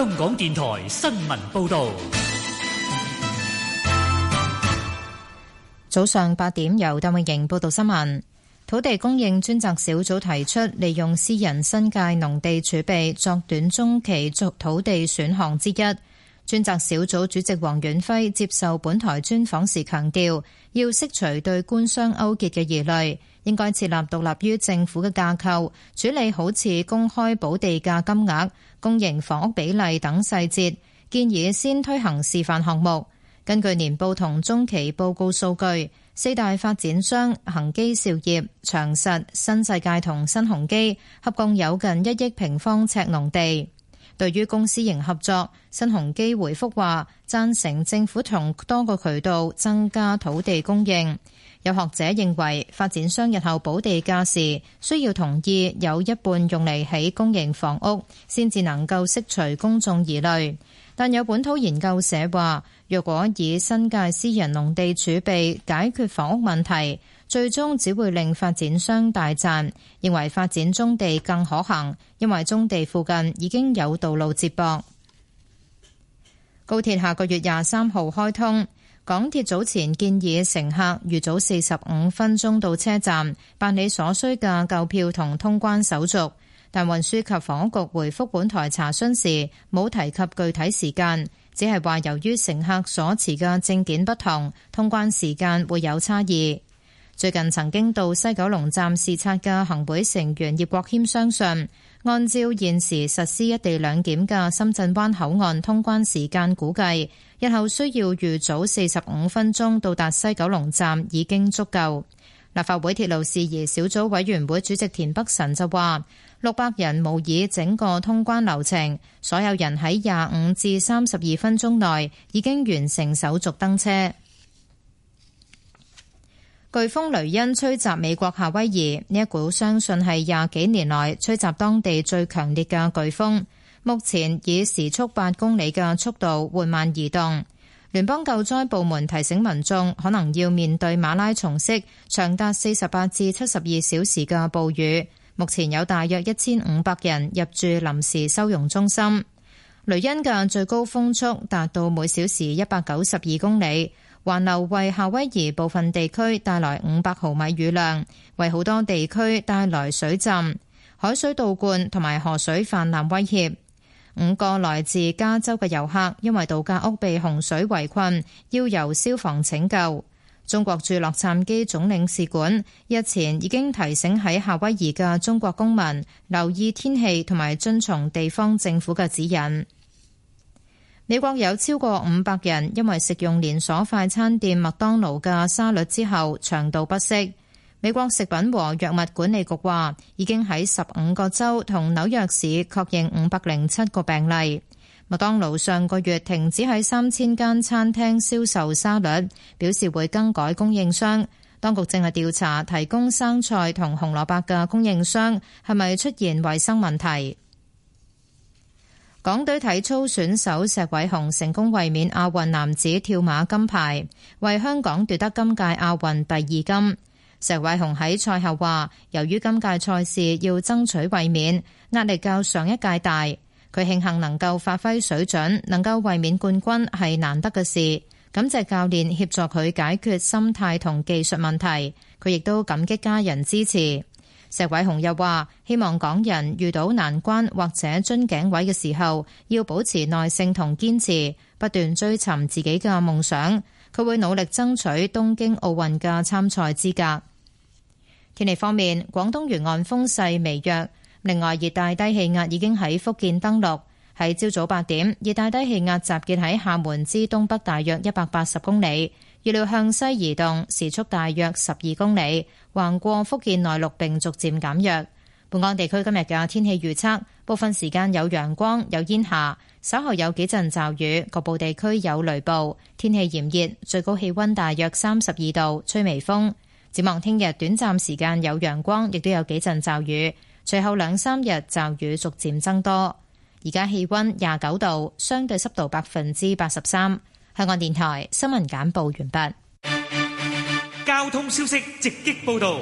香港電台新聞報道，早上八點由鄧永瑩報道新聞。土地供應專責小組提出利用私人新界農地儲備作短中期作土地選項之一。專責小組主席黃遠輝接受本台專訪時強調，要釋除對官商勾結嘅疑慮。應該設立獨立於政府嘅架構，處理好似公開補地價金額、公營房屋比例等細節。建議先推行示範項目。根據年報同中期報告數據，四大發展商恒基兆業、長實、新世界同新鴻基合共有近一億平方尺農地。對於公私營合作，新鴻基回覆話，贊成政府同多個渠道增加土地供應。有學者認為，發展商日後補地價時需要同意有一半用嚟起公營房屋，先至能夠釋除公眾疑慮。但有本土研究社話，若果以新界私人農地儲備解決房屋問題，最終只會令發展商大賺。認為發展棕地更可行，因為棕地附近已經有道路接駁高鐵，下個月廿三號開通。港鐵早前建議乘客預早四十五分鐘到車站辦理所需嘅購票同通關手續，但運輸及房屋局回覆本台查詢時，冇提及具體時間，只係話由於乘客所持嘅證件不同，通關時間會有差異。最近曾經到西九龍站視察嘅行會成員葉國謙相信，按照現時實施一地兩檢嘅深圳灣口岸通關時間估計，日後需要預早四十五分鐘到達西九龍站已經足夠。立法會鐵路事宜小組委員會主席田北辰就話：六百人模擬整個通關流程，所有人喺廿五至三十二分鐘內已經完成手續登車。颶風雷恩吹襲美國夏威夷，呢一股相信係廿幾年來吹襲當地最強烈嘅颶風，目前以時速八公里嘅速度緩慢移動。聯邦救災部門提醒民眾，可能要面對馬拉松式長達四十八至七十二小時嘅暴雨。目前有大約一千五百人入住臨時收容中心。雷恩嘅最高風速達到每小時一百九十二公里。環流為夏威夷部分地區帶來五百毫米雨量，為好多地區帶來水浸、海水倒灌同埋河水泛濫威脅。五個來自加州嘅遊客因為度假屋被洪水圍困，要由消防拯救。中國駐洛杉磯總領事館日前已經提醒喺夏威夷嘅中國公民留意天氣同埋遵從地方政府嘅指引。美國有超過五百人因為食用連鎖快餐店麥當勞嘅沙律之後，腸道不適。美國食品和藥物管理局話，已經喺十五個州同紐約市確認五百零七個病例。麥當勞上個月停止喺三千間餐廳銷售沙律，表示會更改供應商。當局正係調查提供生菜同紅蘿蔔嘅供應商係咪出現衛生問題。港隊體操選手石偉雄成功衛冕亞運男子跳馬金牌，為香港奪得今屆亞運第二金。石偉雄喺賽後話，由於今屆賽事要爭取衛冕，壓力較上一屆大。佢慶幸能夠發揮水準，能夠衛冕冠軍係難得嘅事，感謝教練協助佢解決心態同技術問題。佢亦都感激家人支持。石偉雄又話，希望港人遇到難關或者樽頸位嘅時候，要保持耐性同堅持，不斷追尋自己嘅夢想。佢會努力爭取東京奧運嘅參賽資格。天氣方面，廣東沿岸風勢微弱，另外熱帶低氣壓已經喺福建登陸。喺朝早八點，熱帶低氣壓集結喺廈門之東北大約一百八十公里。預料向西移動，時速大約十二公里，橫過福建內陸，並逐漸減弱。本港地區今日嘅天氣預測，部分時間有陽光，有煙霞，稍後有幾陣驟雨，局部地區有雷暴。天氣炎熱，最高氣溫大約三十二度，吹微風。展望聽日，短暫時間有陽光，亦都有幾陣驟雨，隨後兩三日驟雨逐漸增多。而家氣溫廿九度，相對濕度百分之八十三。香港電台新聞簡報完畢。交通消息直擊報道。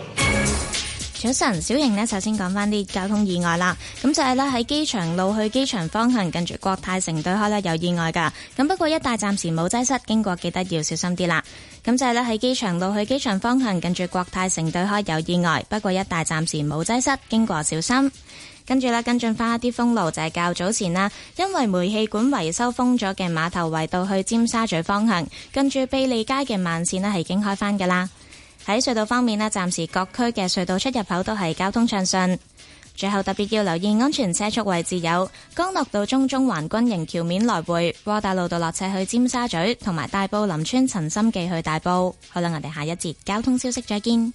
早晨，小瑩呢，首先講返啲交通意外啦。咁就係呢，喺機場路去機場方向，近住國泰城對開呢，有意外噶。咁不過一帶暫時冇擠塞，經過記得要小心啲啦。咁就係呢，喺機場路去機場方向，近住國泰城對開有意外，不過一帶暫時冇擠塞，經過小心。跟住啦，跟進翻一啲封路就係、是、較早前啦，因為煤氣管維修封咗嘅馬頭圍道去尖沙咀方向，跟住卑利街嘅慢線呢，係已經開翻㗎啦。喺隧道方面呢，暫時各區嘅隧道出入口都係交通暢順。最後特別要留意安全車速位置有：干諾道中中環軍營橋面來回、窩打老道落斜去尖沙咀，同埋大埔林村陳心記去大埔。好啦，我哋下一節交通消息再見。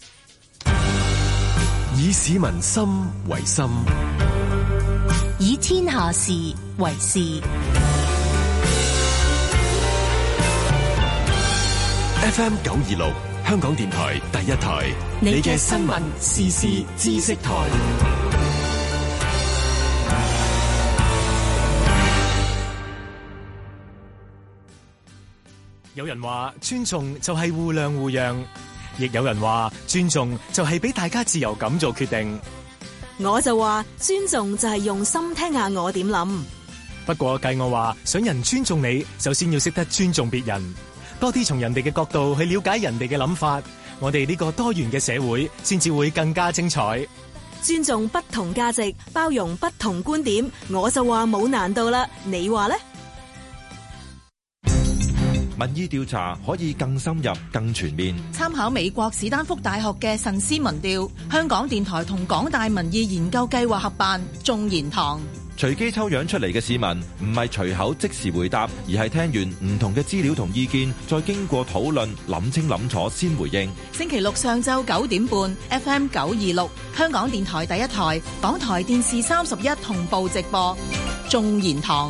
以市民心為心。下事為事，FM 九二六香港電台第一台，你嘅新聞時事知識台。有人話尊重就係互諒互讓，亦有人話尊重就係俾大家自由咁做決定。我就話尊重就係用心聽下我點諗。不過計我話，想人尊重你，首先要識得尊重別人，多啲從人哋嘅角度去了解人哋嘅諗法。我哋呢個多元嘅社會，先至會更加精彩。尊重不同價值，包容不同觀點，我就話冇難度啦。你話呢？民意調查可以更深入、更全面。參考美國史丹福大學嘅慎思民調，香港電台同港大民意研究計劃合辦《眾言堂》。隨機抽樣出嚟嘅市民唔係隨口即時回答，而係聽完唔同嘅資料同意見，再經過討論，諗清諗楚先回應。星期六上晝九點半，FM 九二六，FM926, 香港電台第一台，港台電視三十一同步直播《眾言堂》。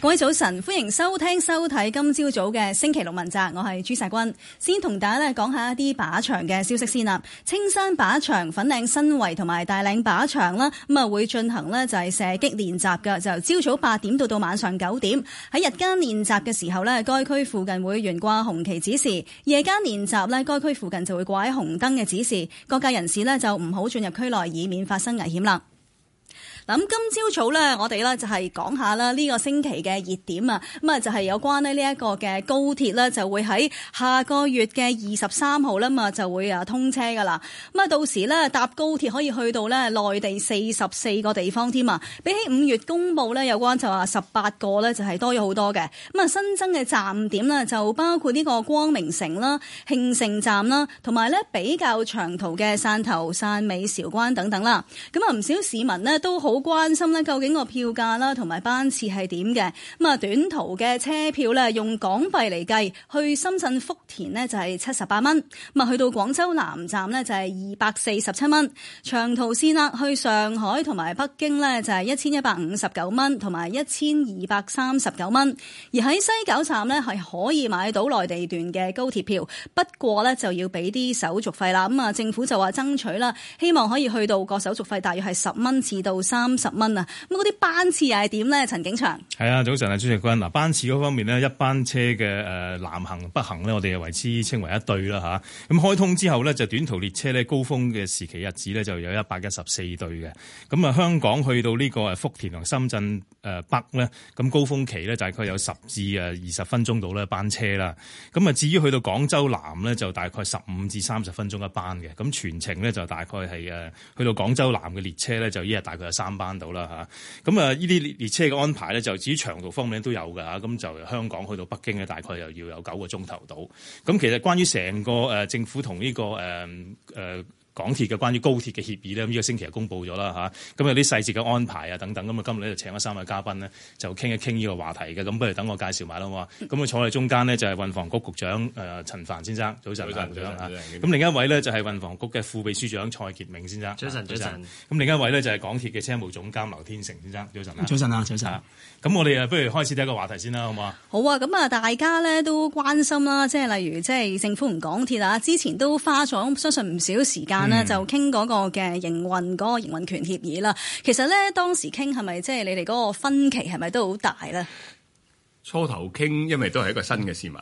各位早晨，歡迎收聽收睇今朝早嘅星期六問責，我係朱石君，先同大家講下一啲靶場嘅消息先啦。青山靶場、粉嶺新圍同埋大嶺靶場啦，咁啊會進行呢就係射擊練習嘅，就由朝早八點到到晚上九點。喺日間練習嘅時候呢，該區附近會懸掛紅旗指示；夜間練習呢，該區附近就會掛喺紅燈嘅指示。各界人士呢就唔好進入區內，以免發生危險啦。咁今朝早咧，我哋咧就係講下啦呢個星期嘅熱點啊，咁啊就係有關呢一個嘅高鐵呢，就會喺下個月嘅二十三號啦嘛，就會啊通車噶啦。咁啊到時呢，搭高鐵可以去到呢內地四十四個地方添啊，比起五月公布呢，有關就話十八個呢，就係多咗好多嘅。咁啊新增嘅站點呢，就包括呢個光明城啦、慶盛站啦，同埋呢比較長途嘅汕頭、汕尾、韶關等等啦。咁啊唔少市民呢都好關心呢，究竟個票價啦，同埋班次係點嘅？咁啊，短途嘅車票呢，用港幣嚟計，去深圳福田呢就係七十八蚊；咁啊，去到廣州南站呢就係二百四十七蚊。長途線啦，去上海同埋北京呢就係一千一百五十九蚊，同埋一千二百三十九蚊。而喺西九站呢係可以買到內地段嘅高鐵票，不過呢就要俾啲手續費啦。咁啊，政府就話爭取啦，希望可以去到個手續費大約係十蚊至到三。五十蚊啊！咁嗰啲班次又係點咧？陳景祥係啊，早晨啊，主席君。嗱，班次嗰方面呢，一班車嘅南行、北行呢，我哋又為之稱為一對啦吓，咁、啊、開通之後呢，就短途列車呢，高峰嘅時期日子呢，就有一百一十四對嘅。咁啊，香港去到呢個福田同深圳北呢，咁高峰期呢，大概有十至誒二十分鐘到呢班車啦。咁啊，至於去到廣州南呢，就大概十五至三十分鐘一班嘅。咁全程呢，就大概係誒去到廣州南嘅列車呢，就一日大概有三。班到啦吓，咁啊，呢啲列列車嘅安排咧，就至於長途方面都有噶。吓，咁就由香港去到北京咧，大概又要有九個鐘頭到。咁其實關於成個誒政府同呢、這個誒誒。呃呃港鐵嘅關於高鐵嘅協議咧，呢個星期就公佈咗啦嚇。咁有啲細節嘅安排啊等等。咁啊，今日咧就請咗三位嘉賓呢，就傾一傾呢個話題嘅。咁不如等我介紹埋啦。咁啊， 坐喺中間呢，就係運房局局長誒陳帆先生，早晨，陳局長嚇。咁另一位呢，就係運房局嘅副秘書長蔡傑銘先生，早晨，早晨。咁另一位呢，就係港鐵嘅車務總監劉天成先生，早晨啊。早晨啊，早晨。咁我哋啊，不如開始第一個話題先啦，好唔好啊？好啊！咁啊，大家咧都關心啦，即係例如，即係政府同港鐵啊，之前都花咗相信唔少時間啦、嗯，就傾嗰個嘅營運嗰、嗰個營運權協議啦。其實咧，當時傾係咪即係你哋嗰個分歧係咪都好大咧？初頭傾，因為都係一個新嘅市民，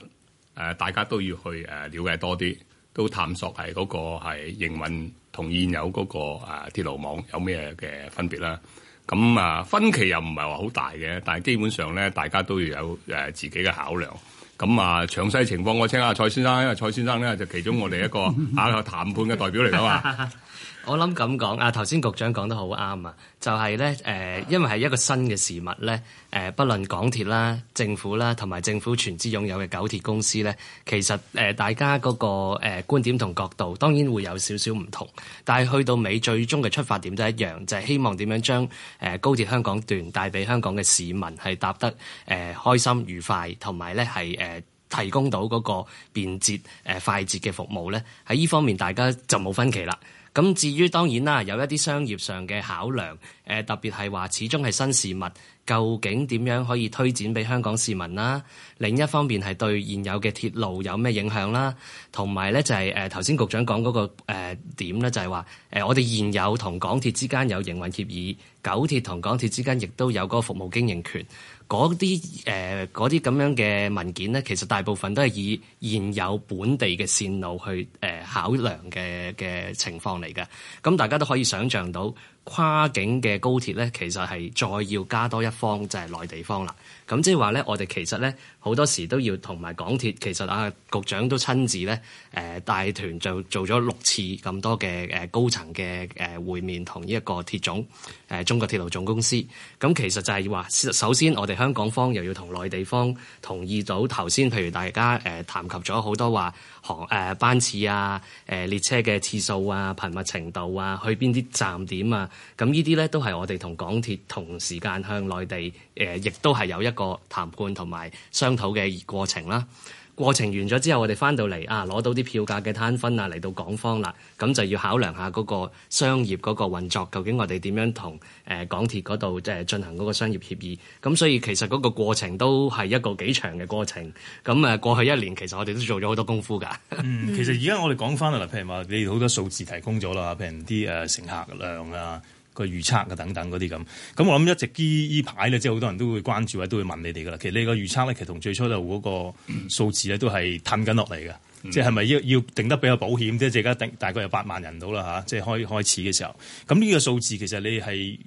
誒，大家都要去誒了解多啲，都探索係嗰個係營運同現有嗰個啊鐵路網有咩嘅分別啦。咁啊，分歧又唔係話好大嘅，但係基本上咧，大家都要有誒自己嘅考量。咁啊，詳細情況我請阿蔡先生，因為蔡先生咧就其中我哋一個啊談判嘅代表嚟嘅嘛。 我諗咁講啊，頭先局長講得好啱啊，就係咧誒，因為係一個新嘅事物咧誒、呃，不論港鐵啦、政府啦，同埋政府全資擁有嘅九鐵公司咧，其實誒、呃、大家嗰、嗰個誒、呃、觀點同角度當然會有少少唔同，但係去到尾最終嘅出發點都一樣，就係、是、希望點樣將誒、呃、高鐵香港段帶俾香港嘅市民係搭得誒、呃、開心愉快，同埋咧係提供到嗰個便捷、呃、快捷嘅服務咧。喺呢方面大家就冇分歧啦。咁至於當然啦，有一啲商業上嘅考量，誒特別係話，始終係新事物，究竟點樣可以推展俾香港市民啦？另一方面係對現有嘅鐵路有咩影響啦？同埋咧就係誒頭先局長講嗰個誒點咧，就係話誒我哋現有同港鐵之間有營運協議，九鐵同港鐵之間亦都有嗰個服務經營權。嗰啲誒嗰啲咁樣嘅文件咧，其實大部分都係以現有本地嘅線路去、呃、考量嘅嘅情況嚟嘅。咁大家都可以想象到跨境嘅高鐵咧，其實係再要加多一方就係、是、內地方啦。咁即係話咧，我哋其實咧。好多時都要同埋港鐵，其實啊局長都親自咧，誒帶團就做咗六次咁多嘅高層嘅誒會面同呢一個鐵總中國鐵路總公司。咁其實就係話，首先我哋香港方又要同內地方同意到頭先，譬如大家誒談及咗好多話航班次啊、列車嘅次數啊、頻密程度啊、去邊啲站點啊。咁呢啲咧都係我哋同港鐵同時間向內地，亦都係有一個談判同埋相討嘅過程啦，過程完咗之後我，我哋翻到嚟啊，攞到啲票價嘅攤分啊，嚟到港方啦，咁就要考量下嗰個商業嗰個運作，究竟我哋點樣同誒、呃、港鐵嗰度即係進行嗰個商業協議？咁所以其實嗰個過程都係一個幾長嘅過程。咁誒過去一年其、嗯，其實我哋都做咗好多功夫噶。其實而家我哋講翻啊，嗱，譬如話你好多數字提供咗啦，譬如啲誒乘客量啊。個預測嘅等等嗰啲咁，咁我諗一直依依排咧，即係好多人都會關注，或者都會問你哋噶啦。其實你個預測咧，其實同最初度嗰個數字咧都係褪緊落嚟嘅，即係係咪要要定得比較保險啲？而家定大概有八萬人到啦吓，即係開開始嘅時候。咁呢個數字其實你係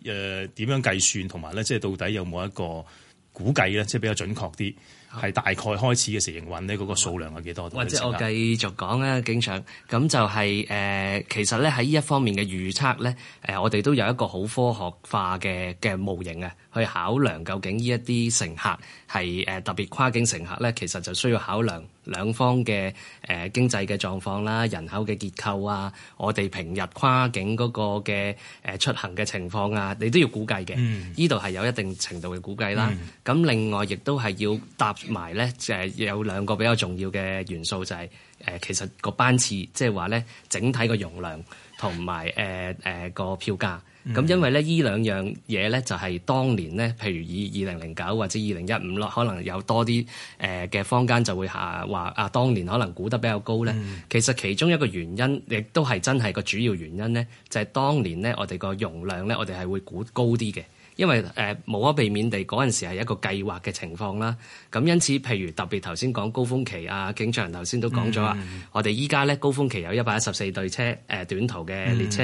誒點樣計算，同埋咧即係到底有冇一個估計咧，即係比較準確啲？係大概開始嘅時候，營運咧嗰個數量係幾多？或者我繼續講啊，經常咁就係、是、誒、呃，其實咧喺呢一方面嘅預測咧、呃，我哋都有一個好科學化嘅嘅模型啊。去考量究竟呢一啲乘客係誒特別跨境乘客咧，其實就需要考量兩方嘅誒經濟嘅狀況啦、人口嘅結構啊、我哋平日跨境嗰個嘅誒出行嘅情況啊，你都要估計嘅。呢度係有一定程度嘅估計啦。咁、嗯、另外亦都係要搭埋咧，就係、是、有兩個比較重要嘅元素，就係、是、誒其實個班次，即係話咧整體嘅容量。同埋誒誒個票價，咁、嗯、因為咧呢兩樣嘢咧就係當年咧，譬如以二零零九或者二零一五咯，可能有多啲誒嘅坊間就會下話啊，當年可能估得比較高咧、嗯。其實其中一個原因，亦都係真係個主要原因咧，就係、是、當年咧我哋個容量咧，我哋係會估高啲嘅。因為誒、呃、無可避免地嗰陣時係一個計劃嘅情況啦，咁因此譬如特別頭先講高峰期啊，局長頭先都講咗啊，我哋依家咧高峰期有一百一十四對車、呃、短途嘅列車，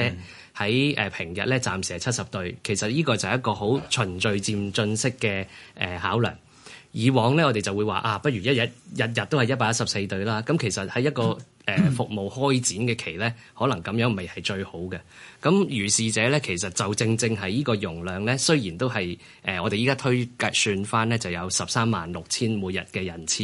喺、嗯、平日咧暫時係七十對，其實呢個就係一個好循序漸進式嘅誒、呃、考量。以往咧，我哋就會話啊，不如一日日日都係一百一十四對啦。咁其實喺一個誒服務開展嘅期咧，可能咁樣咪係最好嘅。咁如是者咧，其實就正正係呢個容量咧，雖然都係誒，我哋依家推計算返咧就有十三萬六千每日嘅人次。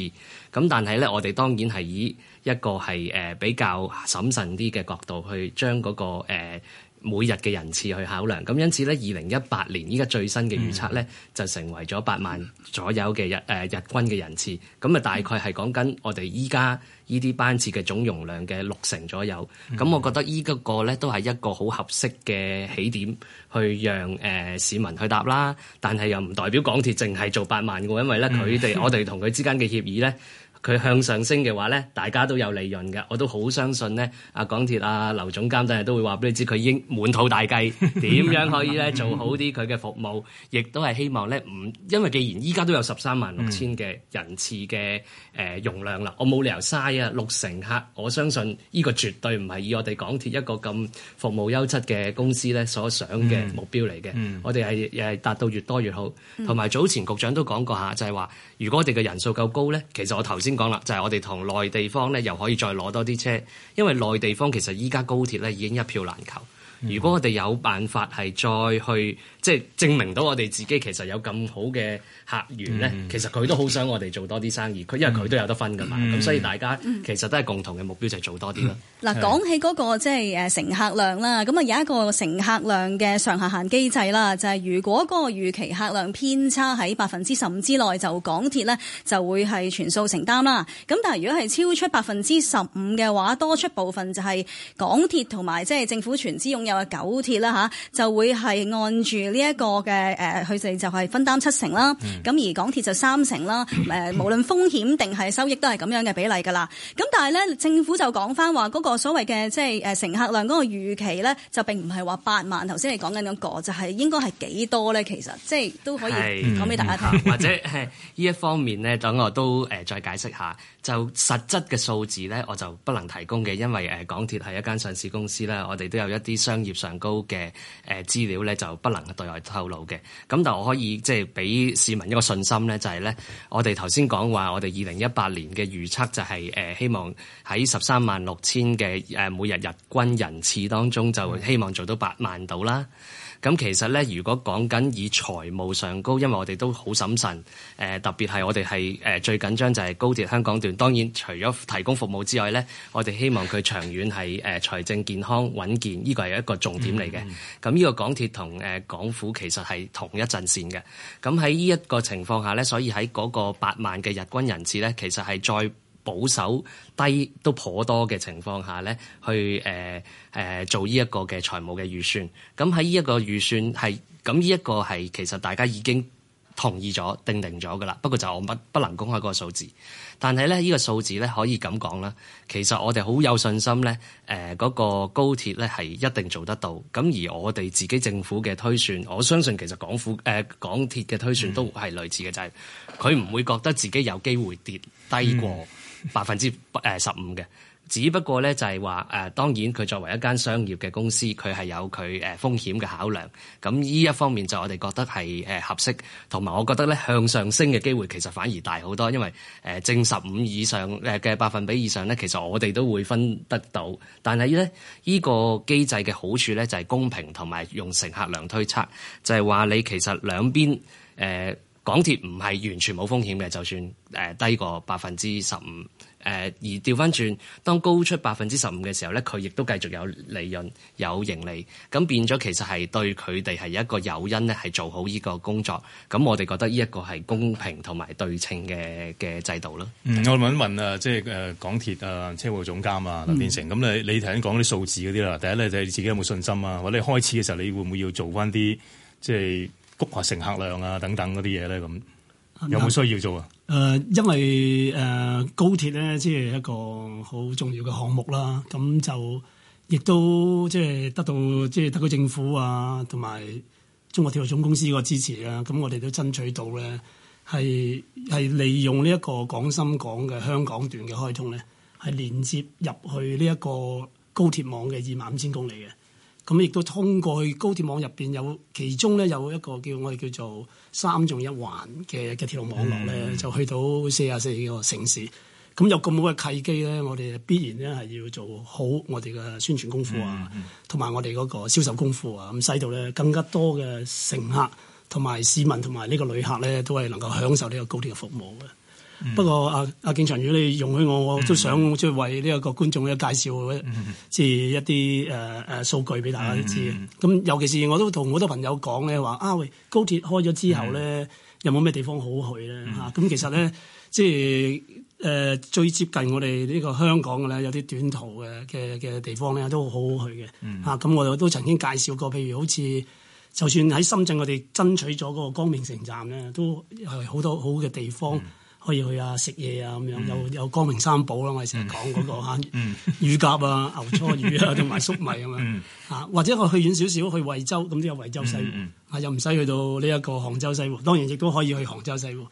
咁但係咧，我哋當然係以一個係比較審慎啲嘅角度去將嗰、嗰個、呃每日嘅人次去考量咁，因此咧，二零一八年依家最新嘅預測咧，就成為咗八萬左右嘅日、嗯、日均嘅人次咁啊，大概係講緊我哋依家依啲班次嘅總容量嘅六成左右。咁、嗯，我覺得依嗰個咧都係一個好合適嘅起點去讓誒市民去搭啦。但係又唔代表港鐵淨係做八萬嘅，因為咧佢哋我哋同佢之間嘅協議咧。佢向上升嘅話咧，大家都有利潤嘅，我都好相信咧。阿港鐵啊，劉總監第日都會話俾你知，佢已經滿肚大計，點樣可以咧做好啲佢嘅服務，亦都係希望咧唔，因為既然依家都有十三萬六千嘅人次嘅誒容量啦、嗯，我冇理由嘥啊六乘客。我相信呢個絕對唔係以我哋港鐵一個咁服務優質嘅公司咧所想嘅目標嚟嘅、嗯。我哋係又係達到越多越好。同埋早前局長都講過吓，就係、是、話如果我哋嘅人數夠高咧，其實我頭先。講啦，就係、是、我哋同內地方咧，又可以再攞多啲車。因為內地方其實依家高鐵咧已經一票難求。如果我哋有辦法係再去。即係證明到我哋自己其實有咁好嘅客源咧、嗯，其實佢都好想我哋做多啲生意，佢、嗯、因為佢都有得分㗎嘛，咁、嗯、所以大家其實都係共同嘅目標、嗯、就係、是、做多啲啦。嗱、嗯，講起嗰、那個即係誒乘客量啦，咁啊有一個乘客量嘅上下限機制啦，就係、是、如果個預期客量偏差喺百分之十五之內，就港鐵咧就會係全數承擔啦。咁但係如果係超出百分之十五嘅話，多出部分就係港鐵同埋即係政府全資擁有嘅九鐵啦吓就會係按住。呢、這、一個嘅誒，佢哋就係分擔七成啦，咁、嗯、而港鐵就三成啦。誒、嗯，無論風險定係收益，都係咁樣嘅比例噶啦。咁 但係咧，政府就講翻話嗰個所謂嘅即係誒乘客量嗰個預期咧，就並唔係話八萬。頭先你講緊嗰個就係應該係幾多咧？其實即係都可以講俾大家聽。 或者係呢一方面咧，等我都誒再解釋下。就實質嘅數字咧，我就不能提供嘅，因為、呃、港鐵係一間上市公司啦。我哋都有一啲商業上高嘅誒、呃、資料咧，就不能對外透露嘅。咁但我可以即係俾市民一個信心咧，就係、是、咧、嗯，我哋頭先講話，我哋二零一八年嘅預測就係、是呃、希望喺十三萬六千嘅每日日均人次當中，就希望做到八萬度啦。咁其實咧，如果講緊以財務上高，因為我哋都好審慎、呃，特別係我哋係、呃、最緊張就係高鐵香港段。當然除咗提供服務之外咧，我哋希望佢長遠係、呃、財政健康穩健，呢個係一個重點嚟嘅。咁、嗯、呢、嗯、個港鐵同、呃、港府其實係同一陣線嘅。咁喺呢一個情況下咧，所以喺嗰個八萬嘅日軍人次咧，其實係再保守低都頗多嘅情況下咧，去誒誒、呃呃、做呢一個嘅財務嘅預算。咁喺呢一個預算係咁，呢一個係其實大家已經同意咗、定定咗噶啦。不過就我不不能公開嗰個數字，但係咧呢、呢個數字咧可以咁講啦。其實我哋好有信心咧，誒、呃、嗰、嗰個高鐵咧係一定做得到。咁而我哋自己政府嘅推算，我相信其實港府誒、呃、港鐵嘅推算都係類似嘅、嗯，就係佢唔會覺得自己有機會跌低過、嗯。百分之十五嘅，只不過咧就係話誒，當然佢作為一間商業嘅公司，佢係有佢誒風險嘅考量。咁呢一方面就我哋覺得係合適，同埋我覺得咧向上升嘅機會其實反而大好多，因為誒正十五以上誒嘅百分比以上咧，其實我哋都會分得到。但係咧呢個機制嘅好處咧就係公平同埋用乘客量推測，就係話你其實兩邊誒。呃港鐵唔係完全冇風險嘅，就算誒低過百分之十五，誒而調翻轉，當高出百分之十五嘅時候咧，佢亦都繼續有利潤有盈利，咁變咗其實係對佢哋係一個誘因咧係做好呢個工作，咁我哋覺得呢一個係公平同埋對稱嘅嘅制度咯。嗯，我問一問啊，即係誒港鐵啊，車務總監啊，劉天成，咁、嗯、你你頭先講啲數字嗰啲啦，第一咧就係你自己有冇信心啊，或者你開始嘅時候你會唔會要做翻啲即係？加快乘客量啊，等等嗰啲嘢咧，咁有冇需要做啊？誒、嗯呃，因為誒、呃、高鐵咧，即、就、係、是、一個好重要嘅項目啦。咁就亦都即係得到即係特區政府啊，同埋中國鐵路總公司個支持啊，咁我哋都爭取到咧，係係利用呢一個廣深港嘅香港段嘅開通咧，係連接入去呢一個高鐵網嘅二萬五千公里嘅。咁亦都通過去高鐵網入邊，有其中咧有一個叫我哋叫做三縱一環嘅嘅鐵路網絡咧，就去到四啊四個城市。咁有咁好嘅契機咧，我哋必然咧係要做好我哋嘅宣傳功夫啊，同埋我哋嗰個銷售功夫啊。咁使到咧更加多嘅乘客，同埋市民，同埋呢個旅客咧，都係能夠享受呢個高鐵嘅服務嘅。 不過，阿、啊、阿、啊、敬長，如果你容許我，我都想即係為呢一個觀眾咧介紹，即係一啲誒誒數據俾大家都知。咁 尤其是我都同好多朋友講咧，話啊喂，高鐵開咗之後咧， 有冇咩地方好，好去咧嚇？咁、 啊、其實咧，即係誒、呃、最接近我哋呢個香港嘅咧，有啲短途嘅嘅嘅地方咧，都好好去嘅嚇。咁、 啊、我哋都曾經介紹過，譬如好似就算喺深圳，我哋爭取咗嗰個光明城站咧，都係好多好嘅地方。 可以去啊，食嘢啊咁樣、嗯，有有光明三寶啦、嗯，我哋成日講嗰、嗰個嗯乳鴿啊、 牛初乳啊同埋粟米咁、啊、樣、嗯啊、或者我去遠少少去惠州咁都有惠州西湖、嗯，啊又唔使去到呢一個杭州西湖，當然亦都可以去杭州西湖，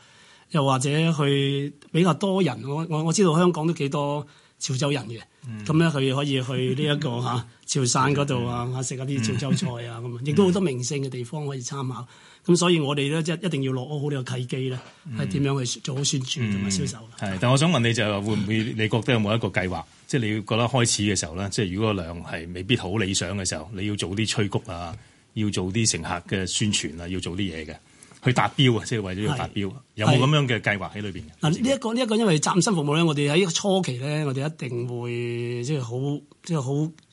又或者去比較多人，我我我知道香港都幾多。潮州人嘅咁咧，佢、嗯、可以去呢、這個嗯嗯、一個嚇潮汕嗰度啊，食下啲潮州菜啊，咁、嗯、啊，亦都好多名勝嘅地方可以參考。咁、嗯、所以我們呢，我哋咧即係一定要落好呢個契機咧，係、嗯、點樣去做好宣傳同埋銷售？係、嗯，但我想問你就係、會唔會？你覺得有冇一個計劃？即、就、係、係、你覺得開始嘅時候咧，即、就、係、係、如果量係未必好理想嘅時候，你要做啲催谷啊，要做啲乘客嘅宣傳啊，要做啲嘢嘅。去達標啊！即係為咗要達標，有冇咁樣嘅計劃喺裏邊？嗱，呢一個呢一個，因為暫時服務咧，我哋喺初期咧，我哋一定會即係好即係好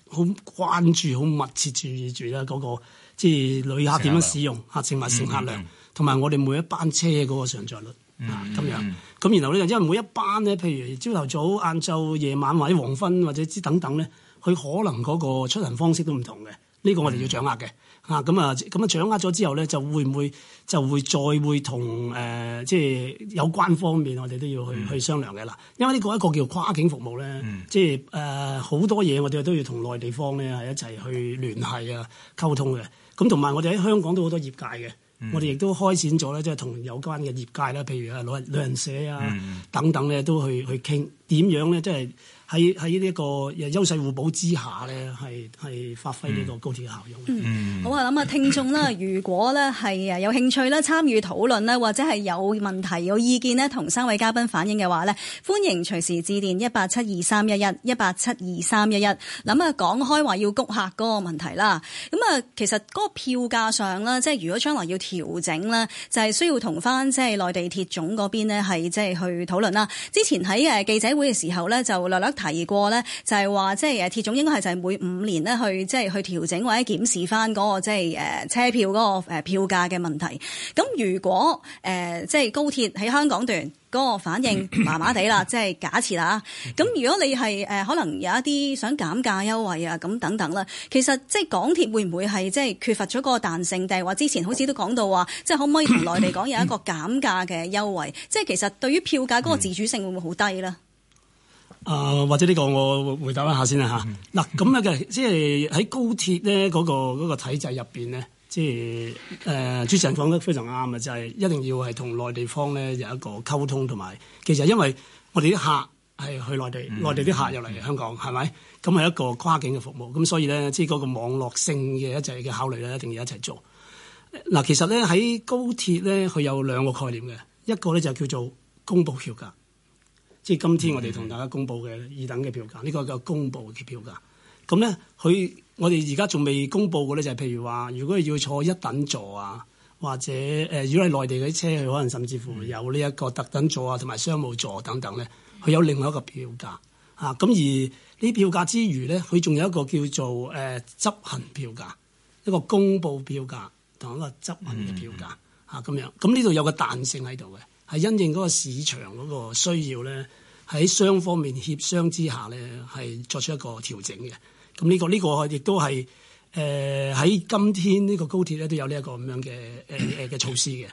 好關注、好密切注意住啦嗰個即係旅客點樣使用啊，淨係乘客量，同埋我哋每一班車嗰個上座率咁樣。咁然後咧，因為每一班咧，譬如朝頭早、晏晝、夜晚或者黃昏或者之等等咧，佢可能嗰個出行方式都唔同嘅，呢個我哋要掌握嘅。啊，咁啊，咁啊，掌握咗之後咧，就會唔會就會再會同誒、呃，即係有關方面，我哋都要去、mm -hmm. 去商量嘅啦。因為呢個一個叫跨境服務咧，mm -hmm. 即係誒好多嘢，我哋都要同內地方咧一齊去聯繫啊、溝通嘅。咁同埋我哋喺香港都好多業界嘅，mm -hmm. 我哋亦都開展咗咧，即係同有關嘅業界啦，譬如啊，旅行旅行社啊、mm -hmm. 等等咧，都去去傾點樣咧，即係。喺喺呢一個優勢互補之下咧，係係發揮呢個高鐵嘅效用。嗯、mm -hmm. mm -hmm.，好啊，諗啊，聽眾啦，如果咧係有興趣啦參與討論啦或者係有問題有意見呢同三位嘉賓反映嘅話咧，歡迎隨時致電一八七二三一一一八七二三一一。諗啊，講開話要谷客嗰個問題啦，咁啊，其實嗰個票價上啦即係如果將來要調整啦就係、是、需要同翻即係內地鐵總嗰邊呢，係即係去討論啦。之前喺誒記者會嘅時候咧，就略略提過咧，就係話即係鐵總應該係就係每五年咧去即係去調整或者檢視翻嗰個即係誒車票嗰個誒票價嘅問題。咁如果誒即係高鐵喺香港段嗰個反應麻麻地啦，即係 假設啦。咁如果你係誒可能有一啲想減價優惠啊咁等等啦，其實即係港鐵會唔會係即係缺乏咗嗰個彈性？定係話之前好似都講到話，即係可唔可以同內地講有一個減價嘅優惠？即係其實對於票價嗰個自主性會唔會好低咧？誒、呃、或者呢個我回答一下先啦。嗱，咁啊嘅，即係喺高鐵咧嗰、那個嗰、那個、體制入面咧，即係、呃、主持人講得非常啱啊，就係、是、一定要係同內地方咧有一個溝通同埋，其實因為我哋啲客係去內地， 內地啲客入嚟香港係咪？咁 係一個跨境嘅服務，咁所以咧，即係嗰個網絡性嘅一陣嘅考慮咧，一定要一齊做。嗱、啊，其實咧喺高鐵咧，佢有兩個概念嘅，一個咧就叫做公布票價。即係今天我哋同大家公布嘅二等嘅票價，呢個叫公布嘅票價。咁咧，佢我哋而家仲未公布嘅咧，就係譬如話，如果要坐一等座啊，或者、呃、如果係內地嘅車，佢可能甚至乎有呢一個特等座啊，同埋商務座等等咧，佢有另外一個票價。嚇，咁而呢票價之餘咧，佢仲有一個叫做、呃、執行票價，一個公布票價同一個執行嘅票價，嗯、嚇、咁樣。咁呢度有個彈性喺度嘅，係因應嗰個市場嗰個需要咧。喺雙方面協商之下咧，係作出一個調整嘅。咁呢個呢個亦都係誒喺今天呢個高鐵咧都有呢一個咁樣嘅誒誒嘅措施嘅。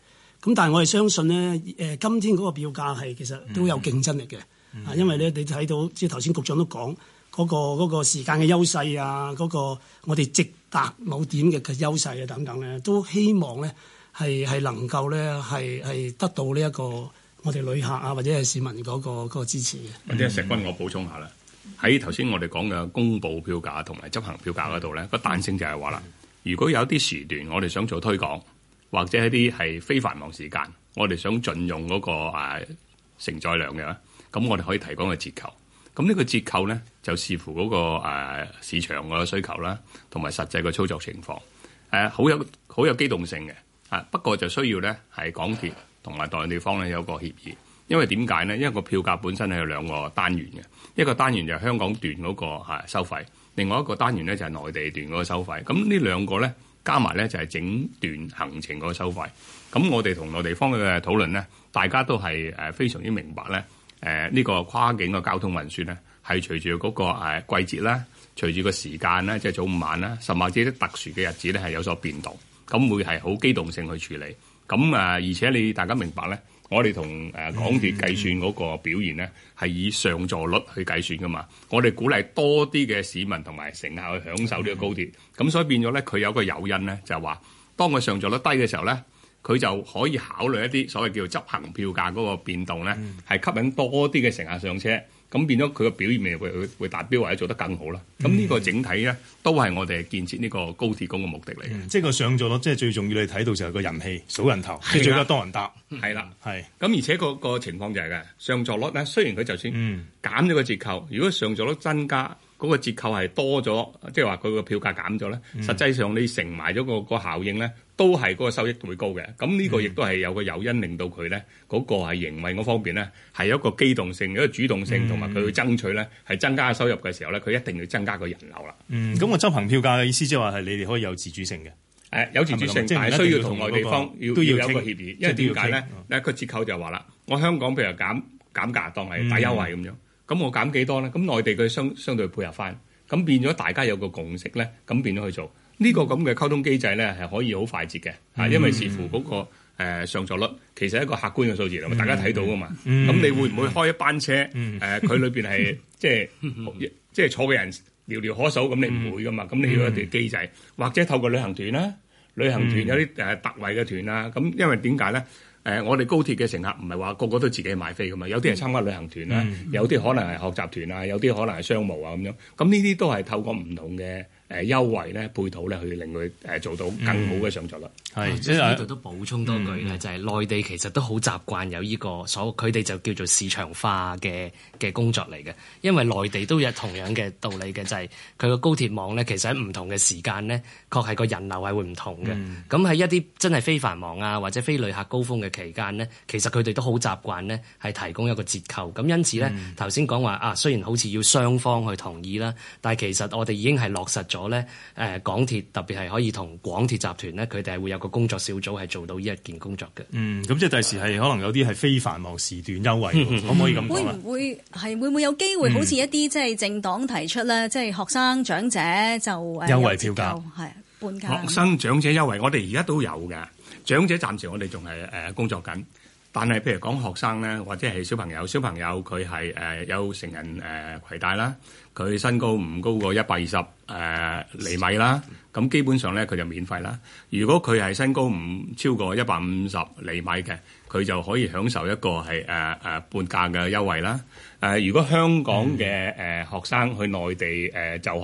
咁但係我哋相信咧，誒、呃、今天嗰個票價係其實都有競爭力嘅、嗯嗯。啊，因為咧，你睇到即係頭先局長都講嗰個嗰個時間嘅優勢啊，嗰個我哋直達某點嘅嘅優勢啊等等咧，都希望咧係係能夠咧係係得到呢一個。我哋旅客啊，或者市民嗰個嗰個支持或者石君。我補充下啦，喺頭先我哋講嘅公佈票價同埋執行票價嗰度咧，個彈性就係話啦，如果有啲時段我哋想做推廣，或者一啲係非繁忙時間，我哋想盡用嗰個啊、承載量嘅，咁我哋可以提供嘅折扣。咁呢個折扣咧就視乎嗰個、啊、市場個需求啦，同埋實際嘅操作情況。啊、好有好有機動性嘅，啊不過就需要咧係港鐵。同埋內地方咧有個協議，因為點解呢？因為個票價本身係有兩個單元嘅，一個單元就係香港段嗰個收費，另外一個單元咧就係內地段嗰個收費。咁呢兩個咧加埋咧就係整段行程嗰個收費。咁我哋同內地方嘅討論呢，大家都係誒非常之明白咧。誒呢個跨境嘅交通運輸呢，係隨住嗰個誒季節啦，隨住個時間咧，即係早午晚啦，甚至一啲特殊嘅日子咧係有所變動。咁會係好機動性去處理。咁啊，而且你大家明白咧，我哋同誒港鐵計算嗰個表現咧，係以上座率去計算噶嘛。我哋鼓勵多啲嘅市民同埋乘客去享受呢個高鐵，咁所以變咗咧，佢有個誘因咧，就係話當佢上座率低嘅時候咧，佢就可以考慮一啲所謂叫做執行票價嗰個變動咧，係吸引多啲嘅乘客上車。咁變咗佢個表現會會達標或者做得更好啦。咁呢個整體咧，都係我哋建設呢個高鐵工嘅目的嚟、嗯。即係個上座率，即係最重要你睇到就係個人氣、數人頭，啊、最多多人搭。係啦、啊，係。咁而且個情況就係、是、嘅上座率咧，雖然佢就算減咗個折扣、嗯，如果上座率增加，嗰、那個折扣係多咗，即係話佢個票價減咗咧、嗯，實際上你成埋咗個個效應咧，都係嗰個收益會高嘅，咁呢個亦都係有個誘因令到佢咧嗰個係營運嗰方面咧係一個機動性、一個主動性，同埋佢去爭取咧係增加收入嘅時候咧，佢一定要增加個人流啦。嗯，咁我執行票價嘅意思即係話係你哋可以有自主性嘅、欸，有自主性，是是即那個、但係需要同內地方要都要,要有一個協議，就是、因為點解咧？第一個折扣就話啦，我香港譬如減減價當係大優惠咁樣，咁、嗯、我減幾多咧？咁內地佢相相對配合翻，咁變咗大家有個共識咧，咁變咗去做。呢、這個咁嘅溝通機制咧係可以好快捷嘅、嗯、因為視乎嗰、那個、呃、上座率，其實一個客觀嘅數字嚟、嗯，大家睇到㗎嘛。咁、嗯、你會唔會開一班車？佢、嗯、裏、呃、面係即係 即係坐嘅人寥寥可數，咁你唔會㗎嘛。咁你要一啲機制、嗯，或者透過旅行團啦、啊，旅行團有啲特惠嘅團啊。咁、啊、因為點解咧？我哋高鐵嘅乘客唔係話個個都自己買飛㗎嘛，有啲人參加旅行團啦、啊嗯，有啲可能係學習團啊，嗯、有啲可能係商務啊咁樣。咁呢啲都係透過唔同嘅。誒、呃、優惠咧，配套咧，去令佢誒做到更好嘅上座率。係、嗯，呢度都補充多句咧、嗯，就係、是、內地其實都好習慣有呢、這個，所佢哋就叫做市場化嘅嘅工作嚟嘅。因為內地都有同樣嘅道理嘅， 就係佢個高鐵網咧，其實喺唔同嘅時間呢，確係個人流係會唔同嘅。咁、嗯、喺一啲真係非繁忙啊，或者非旅客高峰嘅期間呢，其實佢哋都好習慣呢，係提供一個折扣。咁因此呢，頭先講話啊，雖然好似要雙方去同意啦，但係其實我哋已經係落實。咗咧，誒港鐵特別係可以同廣鐵集團咧，佢哋係會有個工作小組係做到呢一件工作嘅。嗯，咁即係第時係可能有啲係非繁忙時段優惠、嗯，可唔可以咁講？會唔會係會唔會有機會好似一啲即係政黨提出咧、嗯，即係學生長者就優惠票價係半價。學生長者優惠，我哋而家都有嘅。長者暫時我哋仲係誒工作緊，但係譬如講學生咧，或者係小朋友，小朋友佢係誒有成人誒攜帶啦。佢身高唔高過一百二十誒釐米啦，咁基本上咧佢就免費啦。如果佢係身高唔超過一百五十厘米嘅，佢就可以享受一個係誒誒半價嘅優惠啦。誒、呃，如果香港嘅誒、嗯呃、學生去內地誒、呃、就學，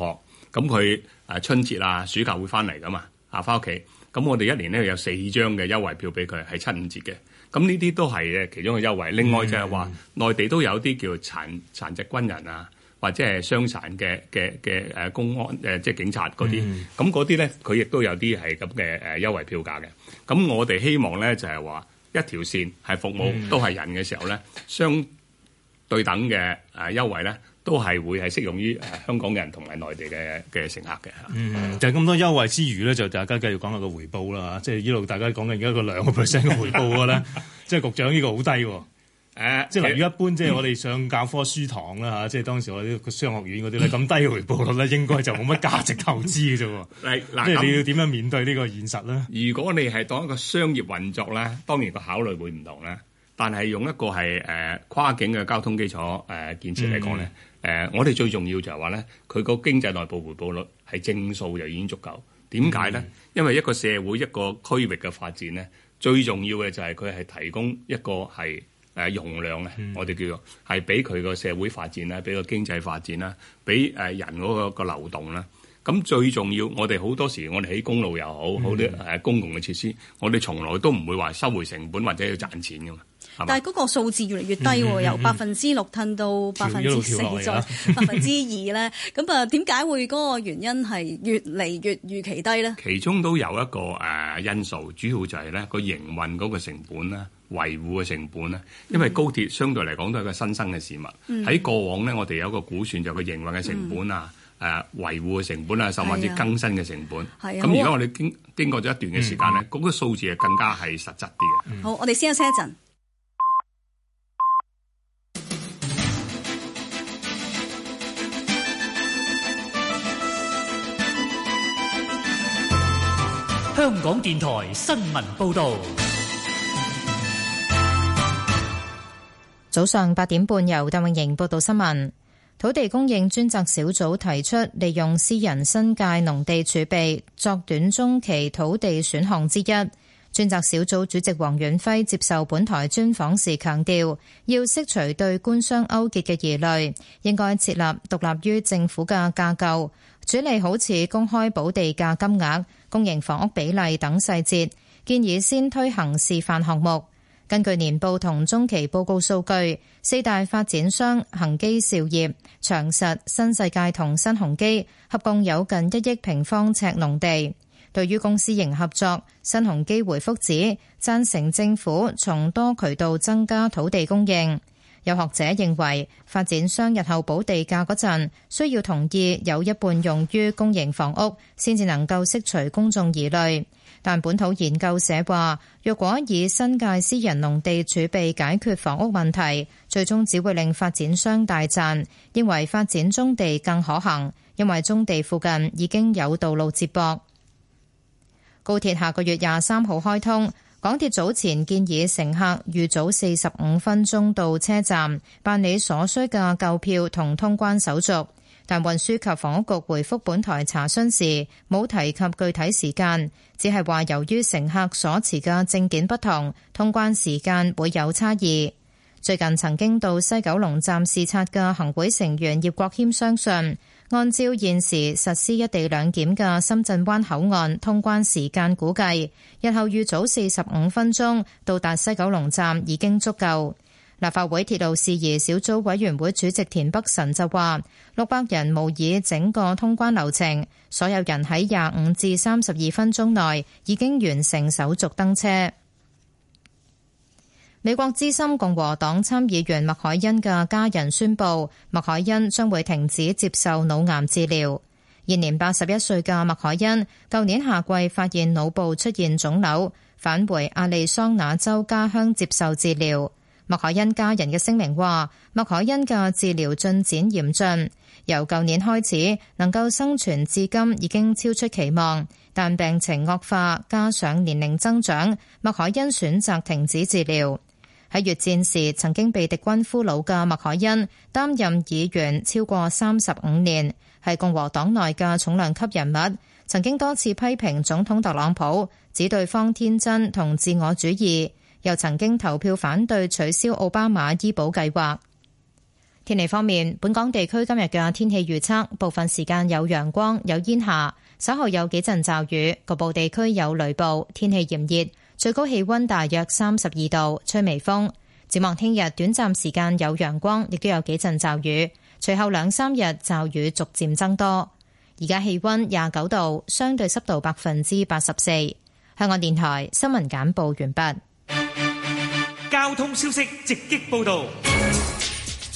咁佢誒春節啊暑假會翻嚟噶嘛啊翻屋企咁，我哋一年咧有四張嘅優惠票俾佢係七五折嘅。咁呢啲都係誒其中嘅優惠。另外就係話、嗯、內地都有啲叫殘殘疾軍人啊。或者係傷殘嘅嘅嘅誒公安誒即係警察嗰啲，咁嗰啲咧佢亦都有啲係咁嘅誒優惠票價嘅。咁我哋希望咧就係、是、話一條線係服務、嗯、都係人嘅時候咧，相對等嘅誒優惠咧都係會係適用於誒香港嘅人同埋內地嘅嘅乘客嘅嚇、嗯嗯。就係咁多優惠之餘咧，就大家繼續講下個回報啦。即係依度大家講緊而家個兩個 percent 嘅回報啊，咧，即係局長呢個好低喎、喔。誒、啊，即係例如一般，即係我哋上教科書堂啦吓、嗯啊，即係當時我哋個商學院嗰啲咧，咁低回報率咧，應該就冇乜價值投資嘅啫。嗱，即係你要點樣面對呢個現實咧、啊？如果你係當一個商業運作咧，當然個考慮會唔同啦。但係用一個係誒、呃、跨境嘅交通基礎誒、呃、建設嚟講咧，誒、嗯呃，我哋最重要就係話咧，佢個經濟內部回報率係正數就已經足夠。點解咧？因為一個社會一個區域嘅發展咧，最重要嘅就係佢係提供一個係。誒，容量咧，我哋叫做係俾佢個社會發展啦，俾個經濟發展啦，俾誒人嗰個個流動啦。咁最重要，我哋好多時我哋起公路又好，好啲誒公共嘅設施，我哋從來都唔會話收回成本或者要賺錢噶嘛。是但係嗰個數字越嚟越低喎，由百分之六褪到百分之四，再百分之二咧。咁啊，點解 會嗰個原因係越嚟越預期低咧？其中都有一個誒因素，主要就係咧個營運嗰個成本啦，維護嘅成本啦。因為高鐵相對嚟講都係個新生嘅事物。喺、嗯、過往咧，我哋有一個估算，就個營運嘅成本啊，誒維護嘅成本啊，甚至更新嘅成本。係咁、啊，而家、啊、我哋經經過咗一段嘅時間咧，嗰、嗯嗰個數字係更加係實質啲嘅。好，我哋先休息一陣。香港電台新聞報道，早上八點半由鄧穎瑩報道新聞。土地供應專責小組提出利用私人新界農地儲備作短中期土地選項之一。專責小組主席黃遠輝接受本台專訪時強調，要釋除對官商勾結嘅疑慮，應該設立獨立於政府嘅架構。處理好似公開補地價金額、公營房屋比例等細節，建議先推行示範項目。根據年報同中期報告數據，四大發展商恒基兆業、長實、新世界同新鴻基合共有近一億平方尺農地。對於公私營合作，新鴻基回覆指贊成政府從多渠道增加土地供應。有學者認為，發展商日後補地價嗰陣，需要同意有一半用於公營房屋，先至能夠釋除公眾疑慮。但本土研究社話，若果以新界私人農地儲備解決房屋問題，最終只會令發展商大賺，認為發展棕地更可行，因為棕地附近已經有道路接駁。高鐵下個月廿三號開通。港鐵早前建議乘客預早四十五分鐘到車站辦理所需嘅購票同通關手續，但運輸及房屋局回覆本台查詢時冇提及具體時間，只係話由於乘客所持嘅證件不同，通關時間會有差異。最近曾經到西九龍站視察嘅行會成員葉國謙相信。按照現時實施一地兩檢嘅深圳灣口岸通關時間估計，日後預早四十五分鐘到達西九龍站已經足夠。立法會鐵路事宜小組委員會主席田北辰就話：六百人模擬整個通關流程，所有人喺廿五至三十二分鐘內已經完成手續登車。美國資深共和黨參議員麥凱恩嘅家人宣布，麥凱恩將會停止接受腦癌治療。現年八十一歲嘅麥凱恩，舊年夏季發現腦部出現腫瘤，返回亞利桑那州家鄉接受治療。麥凱恩家人嘅聲明話，麥凱恩嘅治療進展嚴峻，由舊年開始能夠生存至今已經超出期望，但病情惡化加上年齡增長，麥凱恩選擇停止治療。喺越戰時曾經被敵軍俘虜嘅麥凱恩，擔任議員超過三十五年，係共和黨內嘅重量級人物，曾經多次批評總統特朗普，指對方天真同自我主義，又曾經投票反對取消奧巴馬醫保計劃。天氣方面，本港地區今日嘅天氣預測，部分時間有陽光有煙霞，稍後有幾陣驟雨，局部地區有雷暴，天氣炎熱。最高氣温大約三十二度，吹微風。展望聽日短暫時間有陽光，亦都有幾陣驟雨。隨後兩三日驟雨逐漸增多。而家氣温廿九度，相對濕度百分之八十四。香港電台新聞簡報完畢。交通消息直擊報道。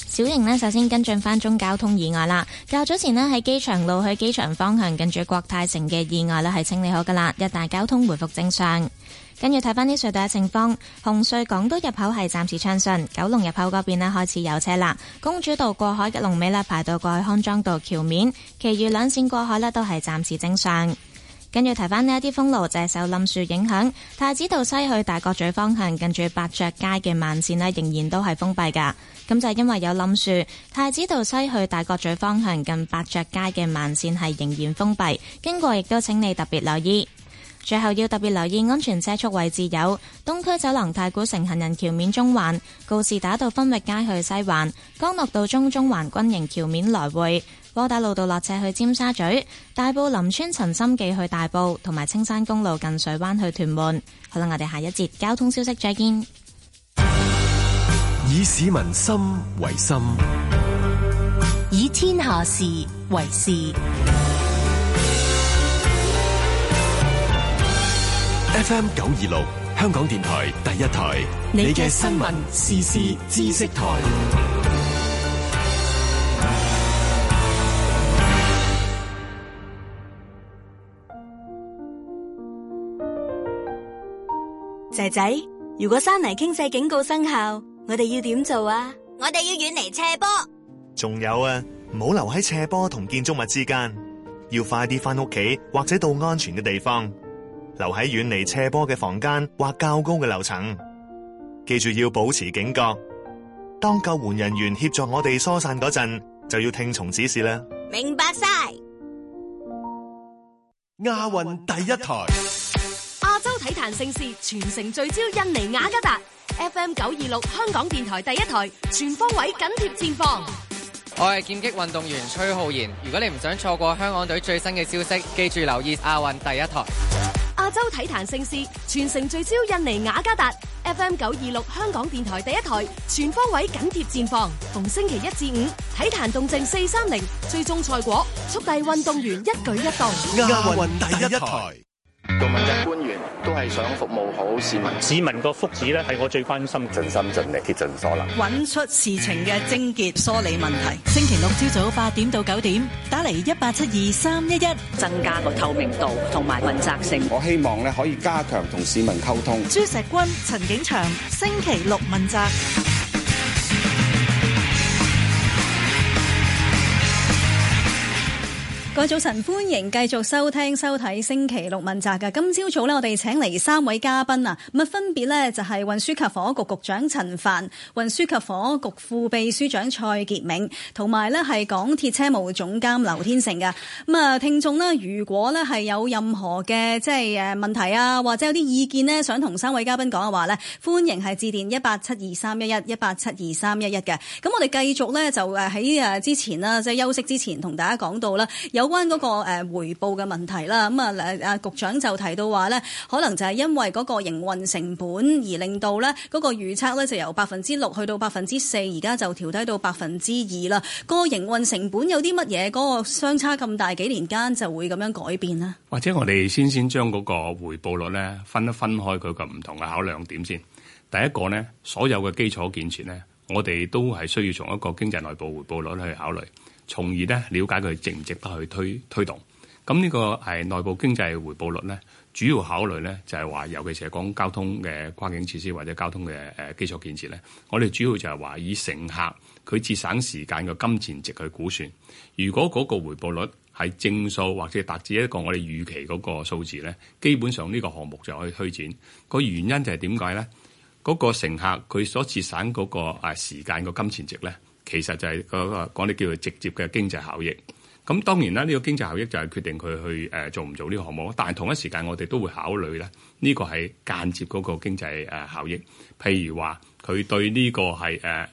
小瑩呢，首先跟進翻中交通意外啦。較早前呢，喺機場路去機場方向近住國泰城嘅意外呢，係清理好噶啦，一大交通回復正常。跟住睇翻啲隧道嘅情況，紅隧港島入口係暫時暢順，九龍入口嗰邊呢，開始有車啦。公主道過海嘅龍尾呢，排到過去康莊道橋面，其餘兩線過海呢，都係暫時正常。跟住提翻呢一啲封路，就係、是、受冧樹影響，太子道西去大角咀方向近住八雀街嘅慢線呢，仍然都係封閉噶。咁就係、是、因為有冧樹，太子道西去大角咀方向近八雀街嘅慢線係仍然封閉，經過亦都請你特別留意。最後要特別留意安全車速位置，有東區走廊、太古城行人橋面中環、中環、告士打道分域街去西環、江樂道中、中環軍營橋面來回、窩打老道落車去尖沙咀、大埔林村陳心記去大埔，同埋青山公路近水灣去屯門。好啦，我哋下一節交通消息再見。以市民心為心，以天下事為事。FM 九二六，香港電臺第一台，你嘅新聞時事知識台。仔仔，如果山泥傾瀉警告生效，我哋要點做啊？我哋要遠離斜坡，仲有啊，唔好留喺斜坡同建築物之間，要快啲翻屋企或者到安全嘅地方。留喺遠離斜坡嘅房間或較高嘅樓層，記住要保持警覺。當救援人員協助我哋疏散嗰陣，就要聽從指示啦。明白晒。亞運第一台，亞洲體壇盛事，全城聚焦印尼雅加達。FM 九二六，香港電台第一台，全方位緊貼戰況。我係劍擊運動員崔浩然，如果你唔想錯過香港隊最新嘅消息，記住留意亞運第一台。亞洲體壇盛事，全城聚焦印尼雅加達。FM 九二六香港電台第一台，全方位緊貼戰況。逢星期一至五，體壇動靜四三零，追蹤賽果，速遞運動員一舉一動。亞運第一台。係想服務好市民，市民個福祉咧係我最關心，盡心盡力竭盡所能，揾出事情嘅症結，梳理問題。星期六朝早八點到九點，打嚟一八七二三一一，增加個透明度同埋問責性。我希望咧可以加強同市民溝通。朱石軍、陳景祥，星期六問責。各位早晨，歡迎繼續收聽收睇星期六問責嘅。今朝早呢，我哋請嚟三位嘉賓啊，咁啊分別呢，就係運輸及房屋局局長陳帆、運輸及房屋局副秘書長蔡傑銘，同埋呢係港鐵車務總監劉天成嘅。咁啊，聽眾呢，如果呢係有任何嘅即係誒問題啊，或者有啲意見呢，想同三位嘉賓講嘅話呢，歡迎係致電一八七二三一一一八七二三一一嘅。咁我哋繼續呢，就誒喺誒之前啦，即係休息之前同大家講到啦，有。有關嗰個誒回報嘅問題啦，咁啊，阿局長就提到話咧，可能就係因為嗰個營運成本而令到咧嗰個預測咧就由百分之六去到百分之四，而家就調低到百分之二啦。嗰個營運成本有啲乜嘢？嗰個相差咁大，幾年間就會咁樣改變啦。或者我哋先先將嗰個回報率咧分一分開佢個唔同嘅考量點先。第一個咧，所有嘅基礎建設咧，我哋都係需要從一個經濟內部回報率去考慮。從而咧，瞭解佢值唔值得去推推動。咁呢個係內部經濟回報率咧，主要考慮咧就係話，尤其是係講交通嘅跨境設施或者交通嘅基礎建設咧，我哋主要就係話以乘客佢節省時間嘅金錢值去估算。如果嗰個回報率係正數或者達至一個我哋預期嗰個數字咧，基本上呢個項目就可以推展。個原因就係點解咧？嗰個乘客佢所節省嗰個啊時間嘅金錢值咧？其實就係、個講啲叫做直接嘅經濟效益。咁當然啦，呢、呢個經濟效益就係決定佢去、呃、做唔做呢個項目。但係同一時間，我哋都會考慮呢、呢個係間接嗰個經濟、呃、效益。譬如話，佢對呢個係、呃、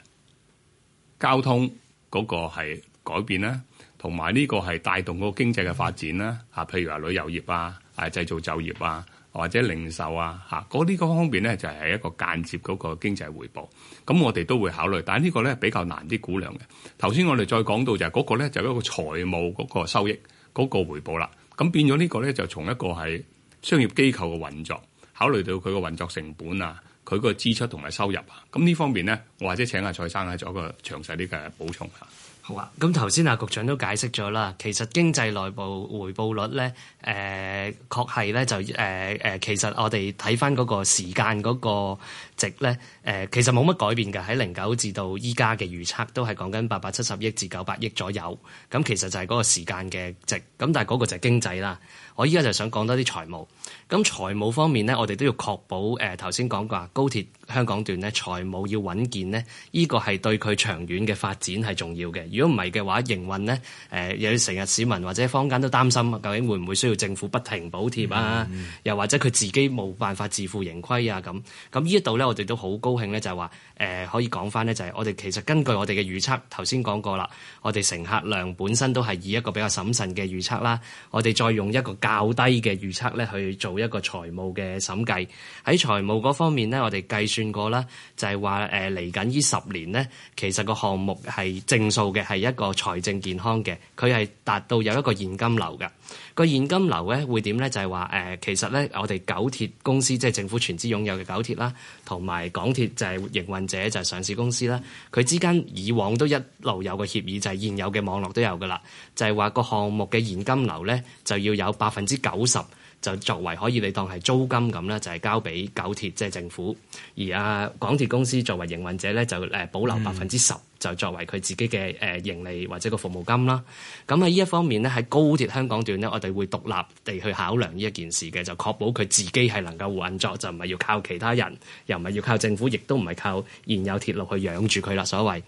交通嗰個係改變啦，同埋呢個係帶動嗰個經濟嘅發展啦、啊。譬如話旅遊業啊，啊製造就業啊。或者零售啊，嚇嗰呢個方面呢，就係一個間接嗰個經濟回報，咁我哋都會考慮，但係呢個呢，比較難啲估量嘅。頭先我哋再講到就係嗰個呢，就係一個財務嗰個收益嗰個回報啦，咁變咗呢個呢，就從一個係商業機構嘅運作，考慮到佢個運作成本啊，佢個支出同埋收入啊，咁呢方面呢，我或者請阿蔡生咧做一個詳細啲嘅補充嚇。好啊，咁頭先啊，局長都解釋咗啦，其實經濟內部回報率咧，誒、呃，確係咧就誒其實我哋睇翻嗰個時間嗰個值咧，誒、呃，其實冇乜改變嘅，喺零九至到依家嘅預測都係講緊八百七十億至九百億左右，咁其實就係嗰個時間嘅值，咁但係嗰個就係經濟啦。我依家就想講多啲財務。咁財務方面呢，我哋都要確保誒頭先講過，高鐵香港段咧財務要穩健呢呢、呢個係對佢長遠嘅發展係重要嘅。如果唔係嘅話，營運呢，誒、呃、有成日市民或者坊間都擔心，究竟會唔會需要政府不停補貼啊？Mm -hmm. 又或者佢自己冇辦法自負盈虧啊？咁咁呢一度咧，我哋都好高興咧，就係話可以講翻咧，就係我哋其實根據我哋嘅預測，頭先講過啦，我哋乘客量本身都係以一個比較審慎嘅預測啦，我哋再用一個。較低嘅預測去做一個財務嘅審計。喺財務嗰方面，呢我哋計算過啦，就係話誒嚟緊呢十年，呢其實個項目係正數嘅，係一個財政健康嘅，佢係達到有一個現金流嘅。個現金流咧會點咧？就係話誒，其實咧，我哋九鐵公司即係政府全資擁有嘅九鐵啦，同埋港鐵就係營運者就係上市公司啦。佢之間以往都一路有個協議，就係現有嘅網絡都有噶啦，就係話個項目嘅現金流咧就要有百分之九十就作為可以你當係租金咁咧，就係交俾九鐵即係政府，而啊港鐵公司作為營運者咧就誒保留百分之十。嗯就作為佢自己嘅盈利或者個服務金啦。咁喺呢一方面咧，喺高鐵香港段咧，我哋會獨立地去考量呢一件事嘅，就確保佢自己係能夠運作，就唔係要靠其他人，又唔係要靠政府，亦都唔係靠現有鐵路去養住佢啦。所謂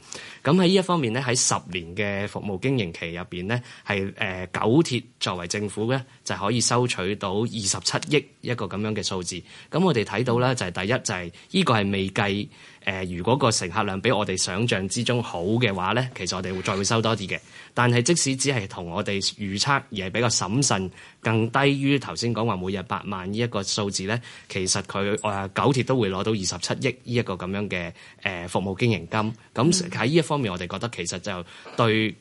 咁喺呢一方面咧，喺十年嘅服務經營期入面呢，咧，係、呃、九鐵作為政府咧，就可以收取到二十七億一個咁樣嘅數字。咁我哋睇到咧，就係、是、第一就係、是、呢個係未計。呃，如果個乘客量比我哋想像之中好嘅話咧，其實我哋會再會收多啲嘅。但係即使只係同我哋預測而係比較審慎，更低於頭先講話每日八萬呢一個數字咧，其實佢、呃、九鐵都會攞到二十七億呢一個咁樣嘅服務經營金。咁喺呢一方面，我哋覺得其實就對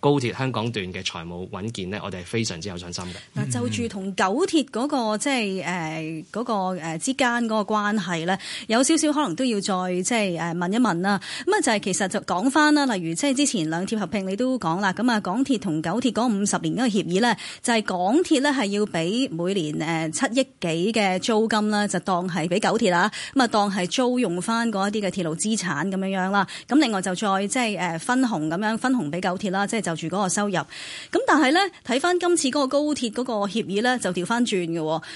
高鐵香港段嘅財務穩健咧，我哋係非常之有信心嘅。嗱、嗯嗯那個，就住同九鐵嗰個即係嗰個之間嗰個關係咧，有少少可能都要再即係誒問一問啦。咁啊就係其實就講翻啦，例如即係之前兩鐵合併你都講。嗱，咁啊，港鐵同九鐵嗰五十年嗰個協議咧，就係、是、港鐵咧係要俾每年誒七億幾嘅租金啦，就當係俾九鐵啦，咁啊當係租用翻嗰一啲嘅鐵路資產咁樣樣啦。咁另外就再即係誒分紅咁樣分紅俾九鐵啦，即係就住、是、嗰個收入。咁但係咧睇翻今次嗰個高鐵嗰個協議咧，就調翻轉嘅。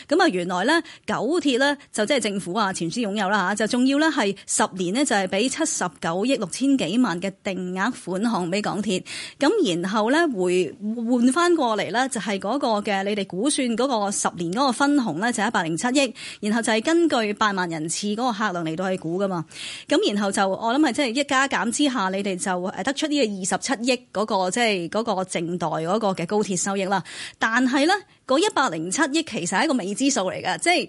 咁啊，原來咧九鐵咧就即、是、係政府啊全資擁有啦吓，就仲要咧係十年呢就係俾七十九億六千幾萬嘅定額款項俾港鐵咁。然後咧回換翻過嚟咧，就係嗰個嘅你哋估算嗰個十年嗰個分紅咧，就係一百零七億。然後就係根據八萬人次嗰個客量嚟到去估噶嘛。咁然後就我諗係即係一加減之下，你哋就誒得出呢個二十七億嗰個即係嗰個正代嗰個嘅高鐵收益啦。但係咧，嗰一百零七億其實係一個未知數嚟噶，即係。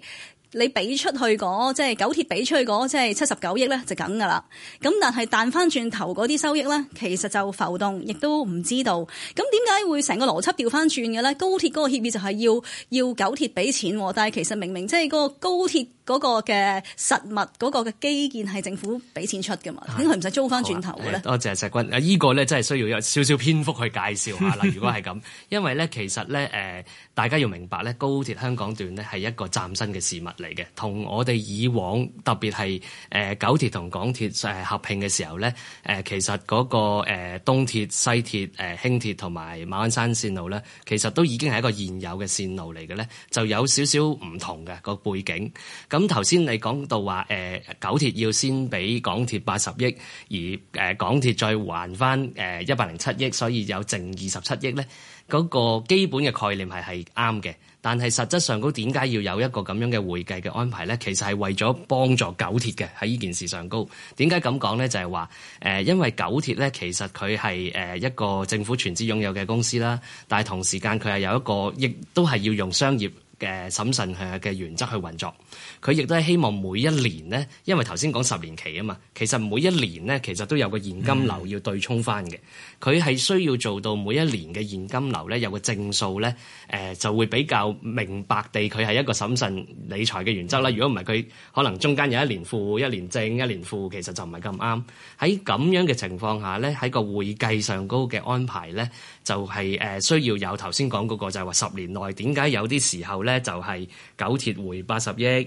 你俾出去嗰即係九鐵俾出去嗰即係七十九億咧，就梗噶啦。咁但係彈翻轉頭嗰啲收益咧，其實就浮動，亦都唔知道。咁點解會成個邏輯掉翻轉嘅咧？高鐵嗰個協議就係要要九鐵俾錢，但係其實明明即係嗰個高鐵。嗰、那個嘅實物，嗰、那個嘅基建係政府俾錢出㗎嘛，點解唔使租翻轉頭咧、啊？多謝石君，依、這個咧真係需要有少少篇幅去介紹下啦。 如果係咁，因為咧其實咧、呃、大家要明白咧，高鐵香港段咧係一個嶄新嘅事物嚟嘅，同我哋以往特別係、呃、九鐵同港鐵誒合併嘅時候咧、呃，其實嗰、那個誒、呃、東鐵、西鐵、誒、呃、輕鐵同埋馬鞍山線路咧，其實都已經係一個現有嘅線路嚟嘅咧，就有少少唔同嘅、那個背景。咁頭先你講到話誒、呃、九鐵要先俾港鐵八十億，而、呃、港鐵再還翻誒一百零七億，所以有剩二十七億咧。嗰、那個基本嘅概念係係啱嘅，但係實質上高點解要有一個咁樣嘅會計嘅安排咧？其實係為咗幫助九鐵嘅喺呢件事上高。點解咁講咧？就係話誒，因為九鐵咧其實佢係誒一個政府全資擁有嘅公司啦，但係同時間佢係有一個，亦都係要用商業。嘅審慎嘅嘅原則去運作，佢亦都係希望每一年咧，因為頭先講十年期啊嘛，其實每一年咧，其實都有個現金流要對沖翻嘅。佢係需要做到每一年嘅現金流咧有個正數咧，誒就會比較明白地佢係一個審慎理財嘅原則啦。如果唔係佢，可能中間有一年負、一年正、一年負，其實就唔係咁啱。喺咁樣嘅情況下咧，喺個會計上高嘅安排咧，就係、是、誒需要有頭先講個就係話十年內點解有啲時候，咧就係、是、九鐵回八十億，誒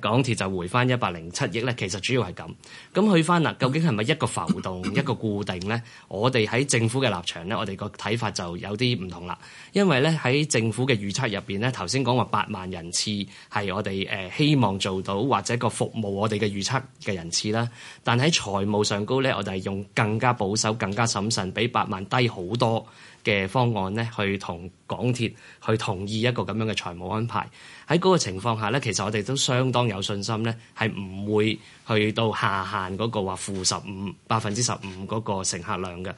港鐵就回翻一百零七億咧。其實主要係咁。咁去翻啦，究竟係咪一個浮動一個固定咧？我哋喺政府嘅立場咧，我哋個睇法就有啲唔同啦。因為咧喺政府嘅預測入邊咧，頭先講話八萬人次係我哋誒希望做到或者個服務我哋嘅預測嘅人次啦。但喺財務上高咧，我哋係用更加保守、更加審慎，比八萬低好多，嘅方案咧，去同港鐵去同意一個咁樣嘅財務安排。喺嗰個情況下咧，其實我哋都相當有信心咧，係唔會去到下限嗰個話負十五百分之十五嗰個乘客量嘅。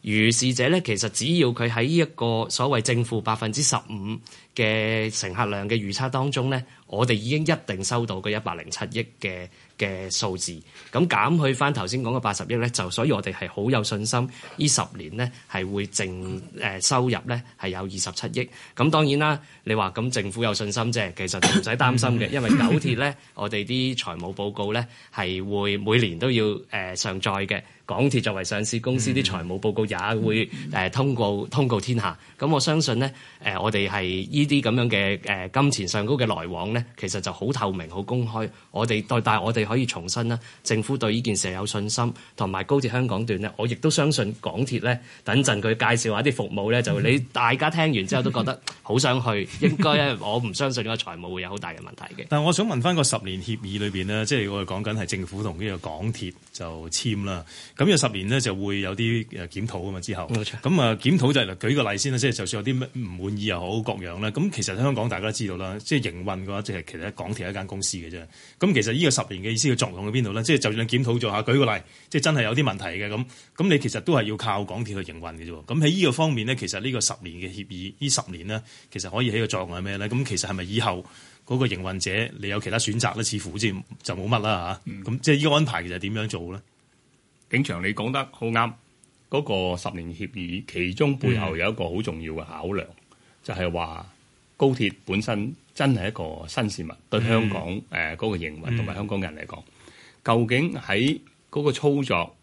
如是者咧，其實只要佢喺呢一個所謂正負百分之十五嘅乘客量嘅預測當中咧，我哋已經一定收到個一百零七億嘅。嘅數字，咁減去翻頭先講嘅八十億呢，就所以我哋係好有信心，呢十年呢係會淨，誒收入呢係有二十七億。咁當然啦，你話咁政府有信心啫，其實唔使擔心嘅，因為九鐵呢，我哋啲財務報告呢係會每年都要誒上載嘅。港鐵作為上市公司啲財務報告也會通告、嗯、通告天下，咁我相信呢，呃、我哋係呢啲咁樣嘅、呃、金錢上高嘅來往呢，其實就好透明、好公開。我哋但係我哋可以重申啦，政府對呢件事有信心，同埋高鐵香港段呢，我亦都相信港鐵呢，等陣佢介紹下啲服務呢，就你大家聽完之後都覺得好想去， 應該咧我唔相信個財務會有好大嘅問題嘅。但我想問翻個十年協議裏面呢，即係我哋講緊係政府同呢個港鐵就簽啦。咁有十年咧，就會有啲誒檢討啊嘛，之後，咁 啊樂檢討就係舉個例先啦，即係就算有啲唔滿意又好各樣啦。咁其實香港大家都知道啦，即係營運嘅話，即係其實港鐵係一間公司嘅啫。咁其實呢個十年嘅意思嘅作用喺邊度咧？即係就算你檢討咗下，舉個例，即係真係有啲問題嘅咁，咁你其實都係要靠港鐵去營運嘅啫。咁喺呢個方面咧，其實呢個十年嘅協議，呢十年咧，其實可以起個作用係咩咧？咁其實係咪以後嗰個營運者你有其他選擇咧？似乎好似就冇乜啦嚇。咁、嗯啊、即係呢個安排其實點樣做咧？警長，你講得好啱，嗰、嗰個十年協議其中背後有一個好重要嘅考量，mm. 就係話高鐵本身真係一個新事物，對香港誒嗰、mm. 呃嗰個營運同埋香港人嚟講，mm. 究竟喺嗰個操作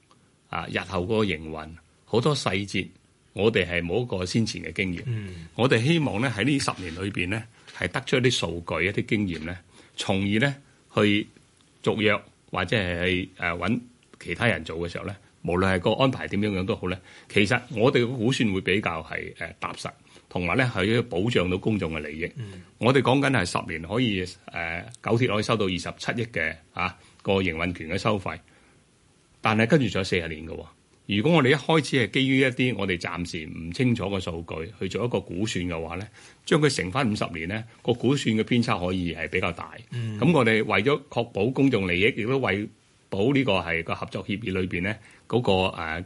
啊日後嗰個營運好多細節，我哋係冇一個先前嘅經驗，mm. 我哋希望咧喺呢在這十年裏邊咧係得出一啲數據一啲經驗咧，從而咧去續約或者係去誒揾。啊其他人做嘅時候咧，無論係個安排點樣樣都好咧，其實我哋嘅估算會比較係搭踏實，同埋咧係要保障到公眾嘅利益。嗯、我哋講緊係十年可以誒、呃，九鐵可以收到二十七億嘅嚇、啊、個營運權嘅收費，但係跟住仲有四十年嘅。如果我哋一開始係基於一啲我哋暫時唔清楚嘅數據去做一個估算嘅話咧，將佢乘翻五十年咧，個估算嘅偏差可以係比較大。咁、嗯、我哋為咗確保公眾利益，亦都為保、這、呢個係個合作協議裏邊咧，嗰、那個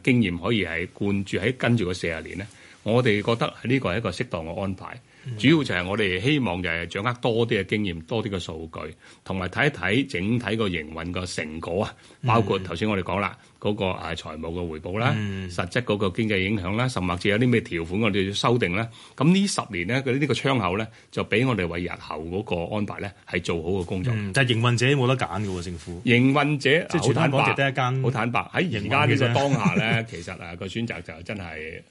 誒經驗可以係貫注喺跟住個四十年咧。我哋覺得呢個係一個適當嘅安排、嗯，主要就係我哋希望就係掌握多啲嘅經驗、多啲嘅數據，同埋睇一睇整體個營運個成果啊、嗯。包括頭先我哋講啦，嗰、嗰個財、啊、財務嘅回報啦、嗯，實質嗰個經濟影響啦，甚至有啲咩條款我哋要修訂啦。咁呢十年咧，佢、呢、呢個窗口咧，就俾我哋為日後嗰個安排咧係做好嘅工作。嗯、但係營運者冇得揀嘅喎，政府營運者即係好坦白，全香港得一間、好坦白喺而家呢個當下咧， 其實啊個選擇就真係。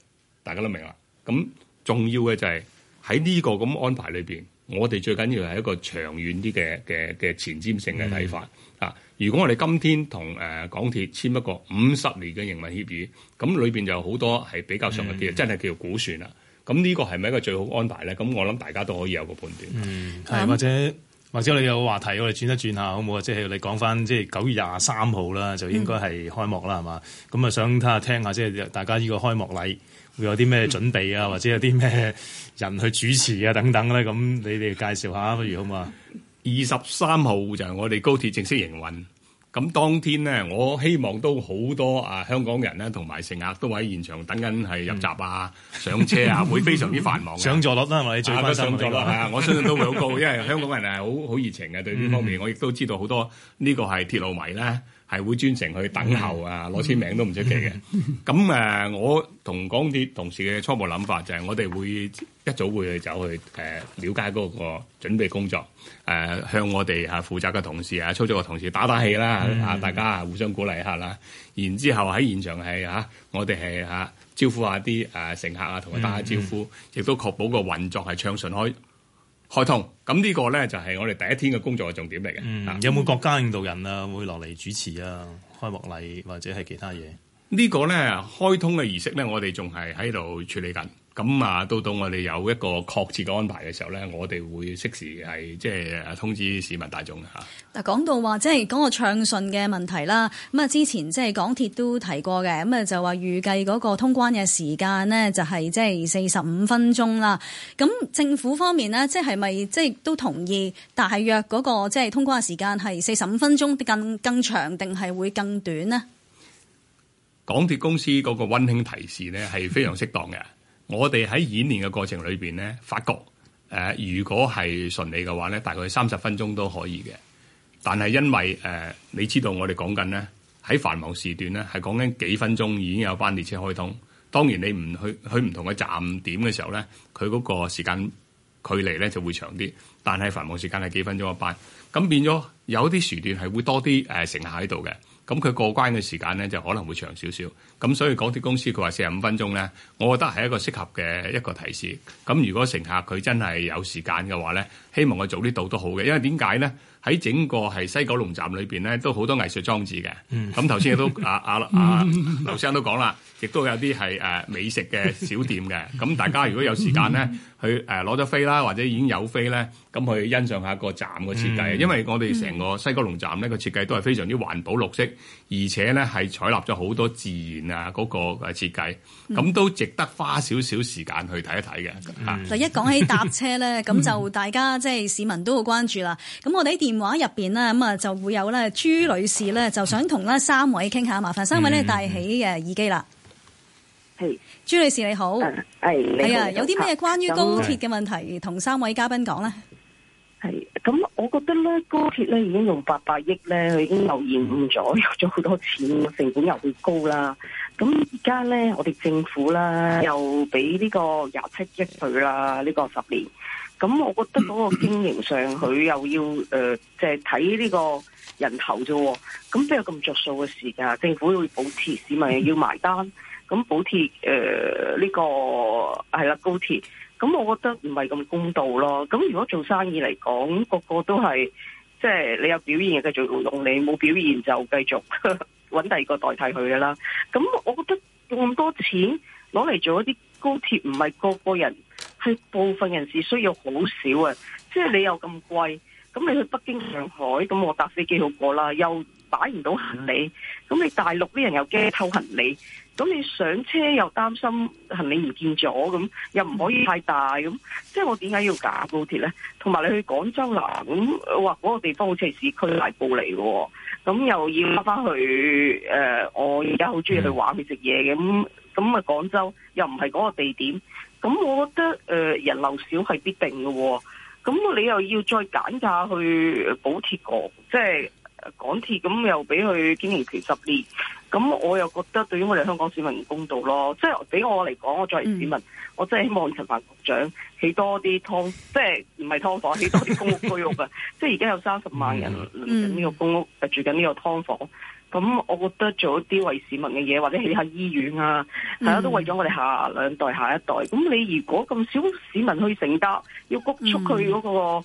大家都明啦，咁重要嘅就係喺呢個咁安排裏面。我哋最緊要係一個長遠啲嘅嘅嘅前瞻性嘅睇法啊、嗯！如果我哋今天同港鐵簽一個五十年嘅營運協議，咁裏面就有好多係比較上嘅嘅、嗯，真係叫做估算啦。咁呢個係咪一個最好安排咧？咁我諗大家都可以有個判斷。嗯，係、嗯、或者或者你有個話題，我哋轉一轉一下好冇啊？即、就、係、係、你講翻即係九月廿三號啦，就應該係開幕啦，係、嗯、嘛？咁啊想睇下聽下即係大家呢個開幕禮。會有啲咩準備啊，或者有啲咩人去主持啊，等等咧，咁你哋介紹下，不如好唔好啊？二十三號就係我哋高鐵正式營運，咁當天咧，我希望都好多啊香港人咧，同埋乘客都喺現場等緊係入閘啊、嗯、上車啊，會非常之繁忙。上座率啦，我哋最關心上座率係啊，我相信都會好高，因為香港人係好好熱情嘅對呢方面。嗯、我亦都知道好多呢個係鐵路迷咧。係會專程去等候、嗯、啊，攞簽名都唔出奇嘅。咁、嗯、誒，我同港鐵同事嘅初步諗法就係，我哋會一早會走去誒了解嗰個準備工作。啊、向我哋負責嘅同事啊，操作嘅同事打打氣啦、嗯，大家互相鼓勵一下啦。然之後喺現場係、啊、我哋係、啊、招呼下啲誒乘客啊，同佢打下招呼，亦、嗯嗯、都確保個運作係暢順開。開通咁呢個咧就係我哋第一天嘅工作嘅重點嚟嘅。嗯，啊、有冇國家領導人啊會落嚟主持啊開幕禮或者係其他嘢？呢個咧開通嘅儀式咧，我哋仲係喺度處理緊。咁啊，到到我哋有一個確切嘅安排嘅時候咧，我哋會適時係即係通知市民大眾嚇。嗱，講到話即係嗰個暢順嘅問題啦，咁啊之前即係港鐵都提過嘅，咁啊就話預計嗰個通關嘅時間呢，就係即係四十五分鐘啦。咁政府方面呢，即係咪即係都同意大約嗰個即係通關嘅時間係四十五分鐘更更長，定係會更短呢？港鐵公司嗰個温馨提示呢，係非常適當嘅。 我哋喺演練嘅過程裏面咧，發覺，呃，如果係順利嘅話咧，大概三十分鐘都可以嘅。但係因為誒，呃，你知道我哋講緊咧喺繁忙時段咧，係講緊幾分鐘已經有班列車開通。當然你唔去去唔同嘅站點嘅時候咧，佢嗰個時間距離咧就會長啲。但係繁忙時間係幾分鐘一班，咁變咗有啲時段係會多啲誒，呃，乘客喺度嘅。咁佢過關嘅時間咧就可能會長少少，咁所以港鐵公司佢話四十五分鐘咧，我覺得係一個適合嘅一個提示。咁如果乘客佢真係有時間嘅話咧，希望佢早啲到都好嘅，因為點解咧？喺整個係西九龍站裏面咧，都好多藝術裝置嘅。咁頭先亦都啊啊啊，劉生都講啦。亦都有啲係誒美食嘅小店嘅，咁大家如果有時間咧，去誒攞咗飛啦，或者已經有飛咧，咁去欣賞下個站嘅設計，因為我哋成個西九龍站咧個設計都係非常之環保綠色，而且咧係採納咗好多自然啊嗰個誒設計，咁都值得花少少時間去睇一睇嘅嗱，一講起搭車咧，咁就大家即係、嗯、市民都會關注啦。咁我哋喺電話入面呢，咁啊就會有咧朱女士咧，就想同咧三位傾下，麻煩三位咧戴起誒耳機啦。係、hey, 朱女士你好，係、uh, 係、hey, 啊，有啲咩關於高鐵嘅問題同、uh, 三位嘉賓講咧？係咁，我覺得咧，高鐵咧已經用八百億咧，佢已經流言誤咗，用咗好多錢，成本又會高啦。咁而家咧，我哋政府啦又俾呢個廿七億佢啦，呢、這個十年。咁我覺得嗰個經營上佢又要誒，即係睇呢個人頭啫。咁邊有咁着數嘅事噶？政府要保持，市民 要埋單。咁補貼誒呢個係啦高鐵，咁、呃呢個，我覺得唔係咁公道咯。咁如果做生意嚟講，咁個個都係即係你有表現嘅，繼續用你，冇表現就繼續揾第二個代替佢噶啦。咁我覺得用咁多錢攞嚟做一啲高鐵，唔係個個人係部分人士需要，好少啊。即係你又咁貴，咁你去北京、上海，咁我搭飛機好過啦，又擺唔到行李，咁你大陸啲人又驚偷行李。咁你上車又擔心行李唔見咗，咁又唔可以太大，咁即係我點解要揀高鐵呢？同埋你去廣州南咁，哇嗰、呃那個地方好似係市區大到嚟嘅，咁又要翻翻去誒、呃，我而家好中意去玩去食嘢嘅，咁咁啊廣州又唔係嗰個地點，咁我覺得、呃、人流少係必定嘅，咁你又要再揀架去高鐵過，即係。港鐵咁又俾佢經營幾十年，咁我又覺得對於我哋香港市民唔公道咯。即係俾我嚟講，我作為市民，嗯、我真係希望陳帆局長起多啲劏， 即係唔係劏房，起多啲公屋居屋啊！ 即係而家有三十萬人住緊呢個公屋，嗯、住緊呢個劏房。咁、嗯、我覺得做一啲為市民嘅嘢，或者起下醫院啊，大、嗯、家都為咗我哋下兩代、下一代。咁你如果咁少市民去承擔，要谷促佢嗰個。嗯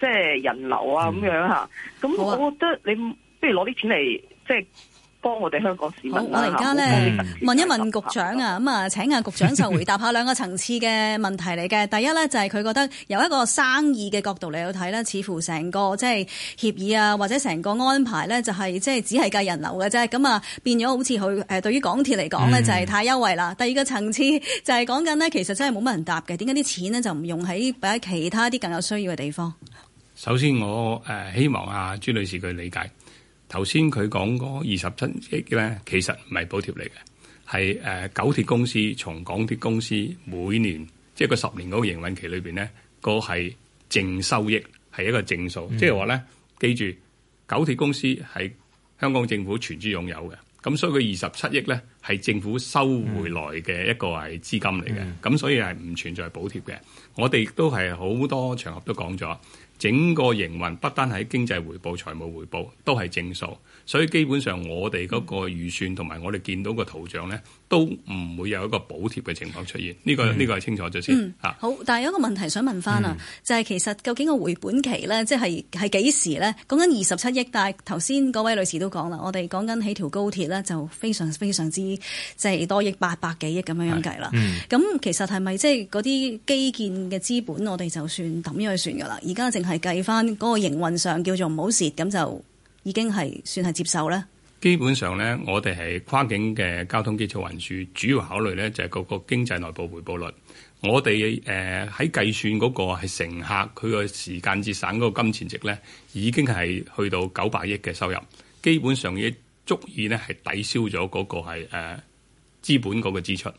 即係人流啊，咁、嗯、樣吓。咁，我覺得你不如攞啲錢嚟，即係幫我哋香港市民。我而家咧問一問局長啊，咁、嗯、啊請阿局長就回答下兩個層次嘅問題嚟嘅。 第一咧就係、是、佢覺得由一個生意嘅角度嚟去睇咧，似乎成個即係協議啊，或者成個安排咧，就係即係只係計人流嘅啫。咁啊變咗好似佢誒對於港鐵嚟講咧，就係太優惠啦、嗯。第二個層次就係講緊咧，其實真係冇乜人答嘅。點解啲錢咧就唔用喺擺其他啲更有需要嘅地方？首先，我誒希望阿、啊、朱女士佢理解，頭先佢講嗰二十七億咧，其實唔係補貼嚟嘅，係誒、呃、九鐵公司從港鐵公司每年即係個十年嗰個營運期裏邊咧，個係淨收益係一個正數，即係話咧，記住九鐵公司係香港政府全資擁有嘅，咁所以佢二十七億咧係政府收回來嘅一個係資金嚟嘅，咁、嗯、所以係唔存在補貼嘅。我哋亦都係好多場合都講咗。整個營運不單係經濟回報、財務回報都係正數，所以基本上我哋嗰個預算同埋我哋見到個圖像呢，都唔會有一個補貼嘅情況出現，呢、這個呢個係清楚咗先吓、嗯、好，但係有一個問題想問翻啊、嗯，就係、是、其實究竟個回本期咧，即係係幾時咧？講緊二十七億，但係頭先嗰位女士都講啦，我哋講緊起條高鐵咧，就非常非常之即係、就是、多億八百幾億咁樣樣計啦。咁、嗯、其實係咪即係嗰啲基建嘅資本，我哋就算抌咗去算㗎啦？而家淨係計翻嗰個營運上叫做唔好蝕，咁就已經係算係接受咧。基本上呢，我哋係跨境嘅交通基礎運輸，主要考慮呢就係嗰個經濟內部回報率。我哋誒喺計算嗰個係乘客佢個時間節省嗰個金錢值呢，已經係去到九百億嘅收入。基本上亦足以呢係抵消咗嗰個係誒、啊、資本嗰個支出。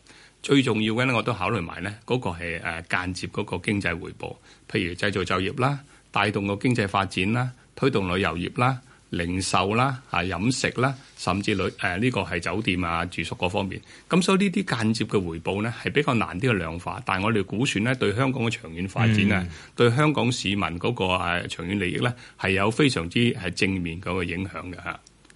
最重要嘅呢，我都考慮埋呢嗰個係誒、啊、間接嗰個經濟回報，譬如製造就業啦，帶動個經濟發展啦，推動旅遊業啦。零售啦、啊、飲食啦，甚至旅呢、呃呢個係酒店啊、住宿嗰方面，咁所以呢啲間接嘅回報呢係比較難啲去量化，但我哋估算呢，對香港嘅長遠發展啊、嗯，對香港市民嗰個長、啊、長遠利益呢，係有非常之正面嗰個影響嘅。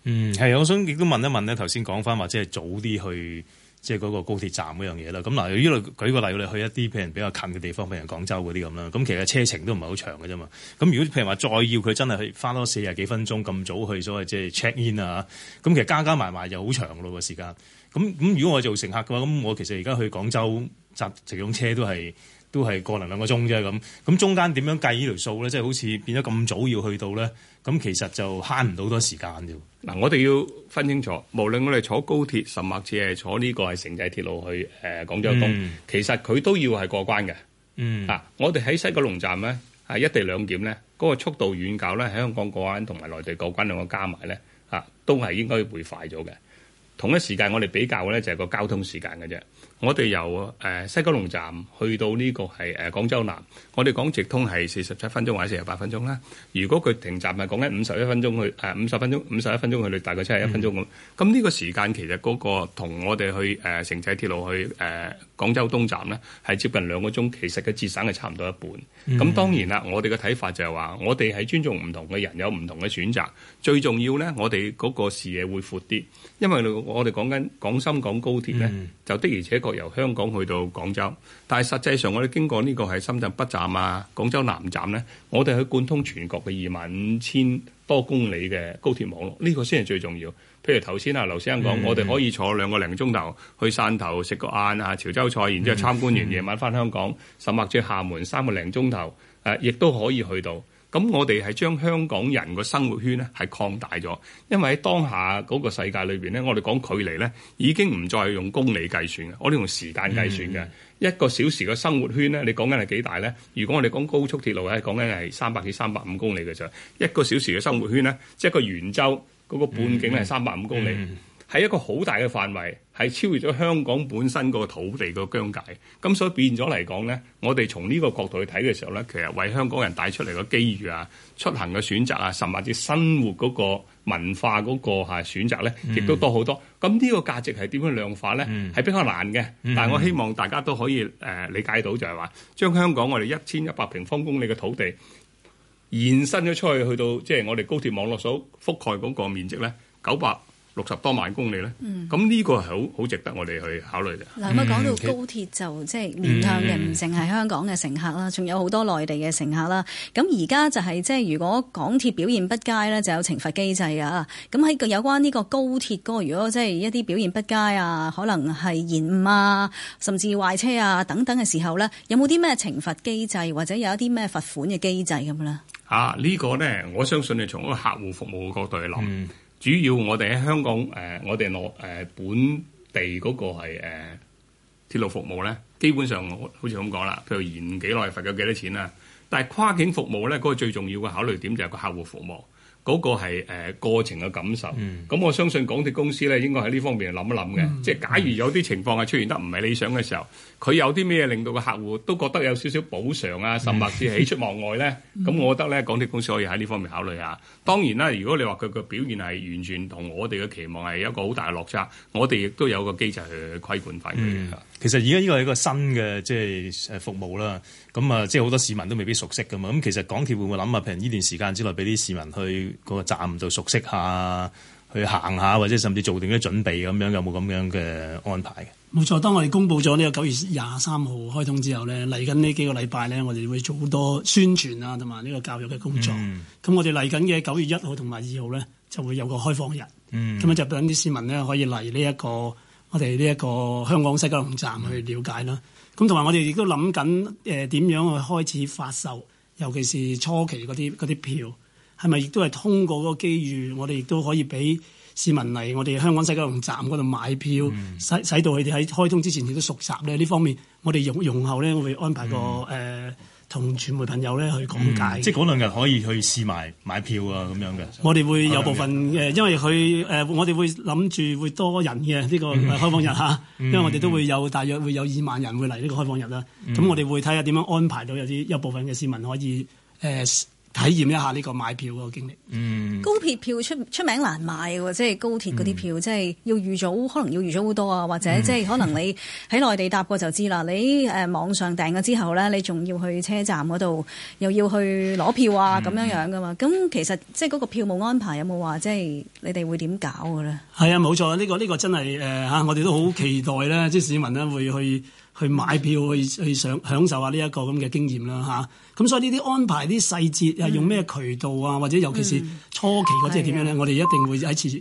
嗯，係，我想亦都問一問呢，頭先講翻或者係早啲去。即係嗰個高鐵站嗰樣嘢啦，咁嗱，呢度舉個例，我哋去一啲譬如比較近嘅地方，譬如廣州嗰啲咁啦，咁其實車程都唔係好長嘅啫嘛。咁如果譬如話再要佢真係去返多四十幾分鐘咁早去所謂即係 check in 啊，咁其實加加埋埋又好長嘅喎時間。咁咁如果我做乘客嘅話，咁我其實而家去廣州搭直通車都係。都係過咗兩個鐘啫，咁，咁中間點樣計呢條數咧？即係好似變咗咁早要去到咧，咁其實就慳唔到好多時間㗎。嗱、啊，我哋要分清楚，無論我哋坐高鐵，甚或似係坐呢個係城際鐵路去誒廣州東，其實佢都要係過關嘅。嗯，啊，我哋喺西九龍站咧係一地兩檢咧，嗰、那個速度遠較咧喺香港過關同埋內地過關兩個加埋咧，啊，都係應該會快咗嘅。同一時間我哋比較咧就係個交通時間嘅啫。我哋由誒西九龍站去到呢個係誒廣州南，我哋講直通係四十七分鐘或者四十八分鐘啦。如果佢停站係講緊五十一分鐘去誒五十分鐘、五十一分鐘去到大概七十一分鐘咁。咁、嗯、呢個時間其實嗰個同我哋去誒城際鐵路去誒。呃廣州東站呢係接近兩個鐘，其實嘅節省係差唔多一半。咁、嗯、當然啦，我哋嘅睇法就係話，我哋係尊重唔同嘅人有唔同嘅選擇。最重要呢，我哋嗰個視野會闊啲，因為我哋講緊廣深港高鐵呢，就的而且確由香港去到廣州。嗯、但係實際上，我哋經過呢個係深圳北站啊、廣州南站呢，我哋去貫通全國嘅二萬五千多公里嘅高鐵網絡呢，這個先係最重要。譬如頭先啊，劉先生講，我哋可以坐兩個零鐘頭去汕頭食個晏啊，潮州菜，然之後參觀完，夜、嗯、晚返香港，甚至於廈門三個零鐘頭，誒、呃，亦都可以去到。咁我哋係將香港人個生活圈呢係擴大咗，因為喺當下嗰個世界裏面呢，我哋講距離呢已經唔再用公里計算嘅，我哋用時間計算嘅、嗯。一個小時嘅生活圈呢，你講緊係幾大呢？如果我哋講高速鐵路咧，講緊係三百幾三百五公里嘅啫。一個小時嘅生活圈呢，即係一個圓周，嗰個半徑咧係三百五公里。嗯嗯嗯喺一個好大嘅範圍，係超越咗香港本身個土地個疆界，咁所以變咗嚟講呢，我哋從呢個角度去睇嘅時候呢，其實為香港人帶出嚟嘅機遇啊、出行嘅選擇啊，甚至生活嗰個文化嗰個吓選擇呢，亦都多好多。咁呢個價值係點樣量化呢？係比較難嘅，但係我希望大家都可以誒、呃、理解到、就是，就係話將香港我哋一千一百平方公里嘅土地延伸咗出去，去到即係我哋高鐵網絡所覆蓋嗰個面積呢，九百。六十多萬公里咧，咁、嗯、呢個係好好值得我哋去考慮嘅、嗯。咁講講到高鐵就即係面向嘅唔淨係香港嘅乘客啦，仲、嗯、有好多內地嘅乘客啦。咁而家就係即係如果港鐵表現不佳咧，就有懲罰機制啊。咁喺個有關呢個高鐵個如果即係一啲表現不佳啊，可能係延誤啊，甚至壞車啊等等嘅時候咧，有冇啲咩懲罰機制或者有一啲咩罰款嘅機制咁啦啊？這個、呢個咧，我相信你從一個客戶服務嘅角度去諗、嗯。主要我哋喺香港誒、呃、我哋落誒本地嗰個係呃、鐵路服務咧，基本上好似咁講啦，譬如延幾耐罰咗幾多錢啊，但係跨境服務咧，嗰個最重要嘅考慮點就係個客戶服務。嗰、那個係誒、呃、過程嘅感受，咁、嗯、我相信港鐵公司咧應該喺呢方面諗一諗嘅、嗯。即係假如有啲情況係出現得唔係理想嘅時候，佢、嗯、有啲咩令到個客戶都覺得有少少補償啊，甚至係喜出望外咧？咁、嗯、我覺得咧，港鐵公司可以喺呢方面考慮下。當然啦，如果你話佢嘅表現係完全同我哋嘅期望係一個好大嘅落差，我哋亦都有個機制去規管翻佢。嗯其實而家呢個係一個新嘅即係誒服務啦，咁啊即係好多市民都未必熟悉噶嘛。咁其實港鐵會唔會諗下，譬如呢段時間之內，俾啲市民去嗰個站度熟悉下，去行下，或者甚至做定啲準備咁樣，有冇咁樣嘅安排？冇錯，當我哋公布咗呢個九月廿三號開通之後呢，嚟緊呢幾個禮拜呢，我哋會做好多宣傳啊，同埋呢個教育嘅工作。咁、mm hmm. 我哋嚟緊嘅九月一號同埋二號呢，就會有個開放日。咁、mm hmm. 樣就等啲市民呢，可以嚟呢一個。我哋呢一個香港西九龍站去了解啦，咁同埋我哋亦都諗緊誒點樣去開始發售，尤其是初期嗰啲嗰啲票，係咪亦都係通過嗰個機遇，我哋亦都可以俾市民嚟我哋香港西九龍站嗰度買票，嗯、使使到佢哋喺開通之前亦都熟習咧。呢方面我們，我哋容容後咧，會安排個誒。嗯呃同傳媒朋友咧去講解、嗯，即係嗰兩日可以去試埋買，買票啊咁樣嘅。我哋會有部分因為佢、呃、我哋會諗住會多人嘅呢、呢個開放日嚇、嗯，因為我哋都會有大約會有二萬人會嚟呢個開放日啦。咁、嗯、我哋會睇下點樣安排到有啲有部分嘅市民可以、呃體驗一下呢個買票嗰個經歷。嗯，高鐵票出出名難買喎，即係高鐵嗰啲票，嗯、即係要預早，可能要預早好多啊，或者即係可能你喺內地搭過就知啦。嗯、你誒、呃、網上訂咗之後咧，你仲要去車站嗰度，又要去攞票啊咁、嗯、樣樣噶嘛。咁其實即係嗰個票務安排有冇話即係你哋會點搞㗎咧？係啊，冇錯，呢、呢個呢、呢個真係誒嚇，我哋都好期待咧，即係市民呢會去。去買票去去享享受下呢一個咁嘅經驗啦吓，咁所以呢啲安排啲細節係用咩渠道啊、嗯，或者尤其是初期嗰啲係點樣咧、嗯？我哋一定會喺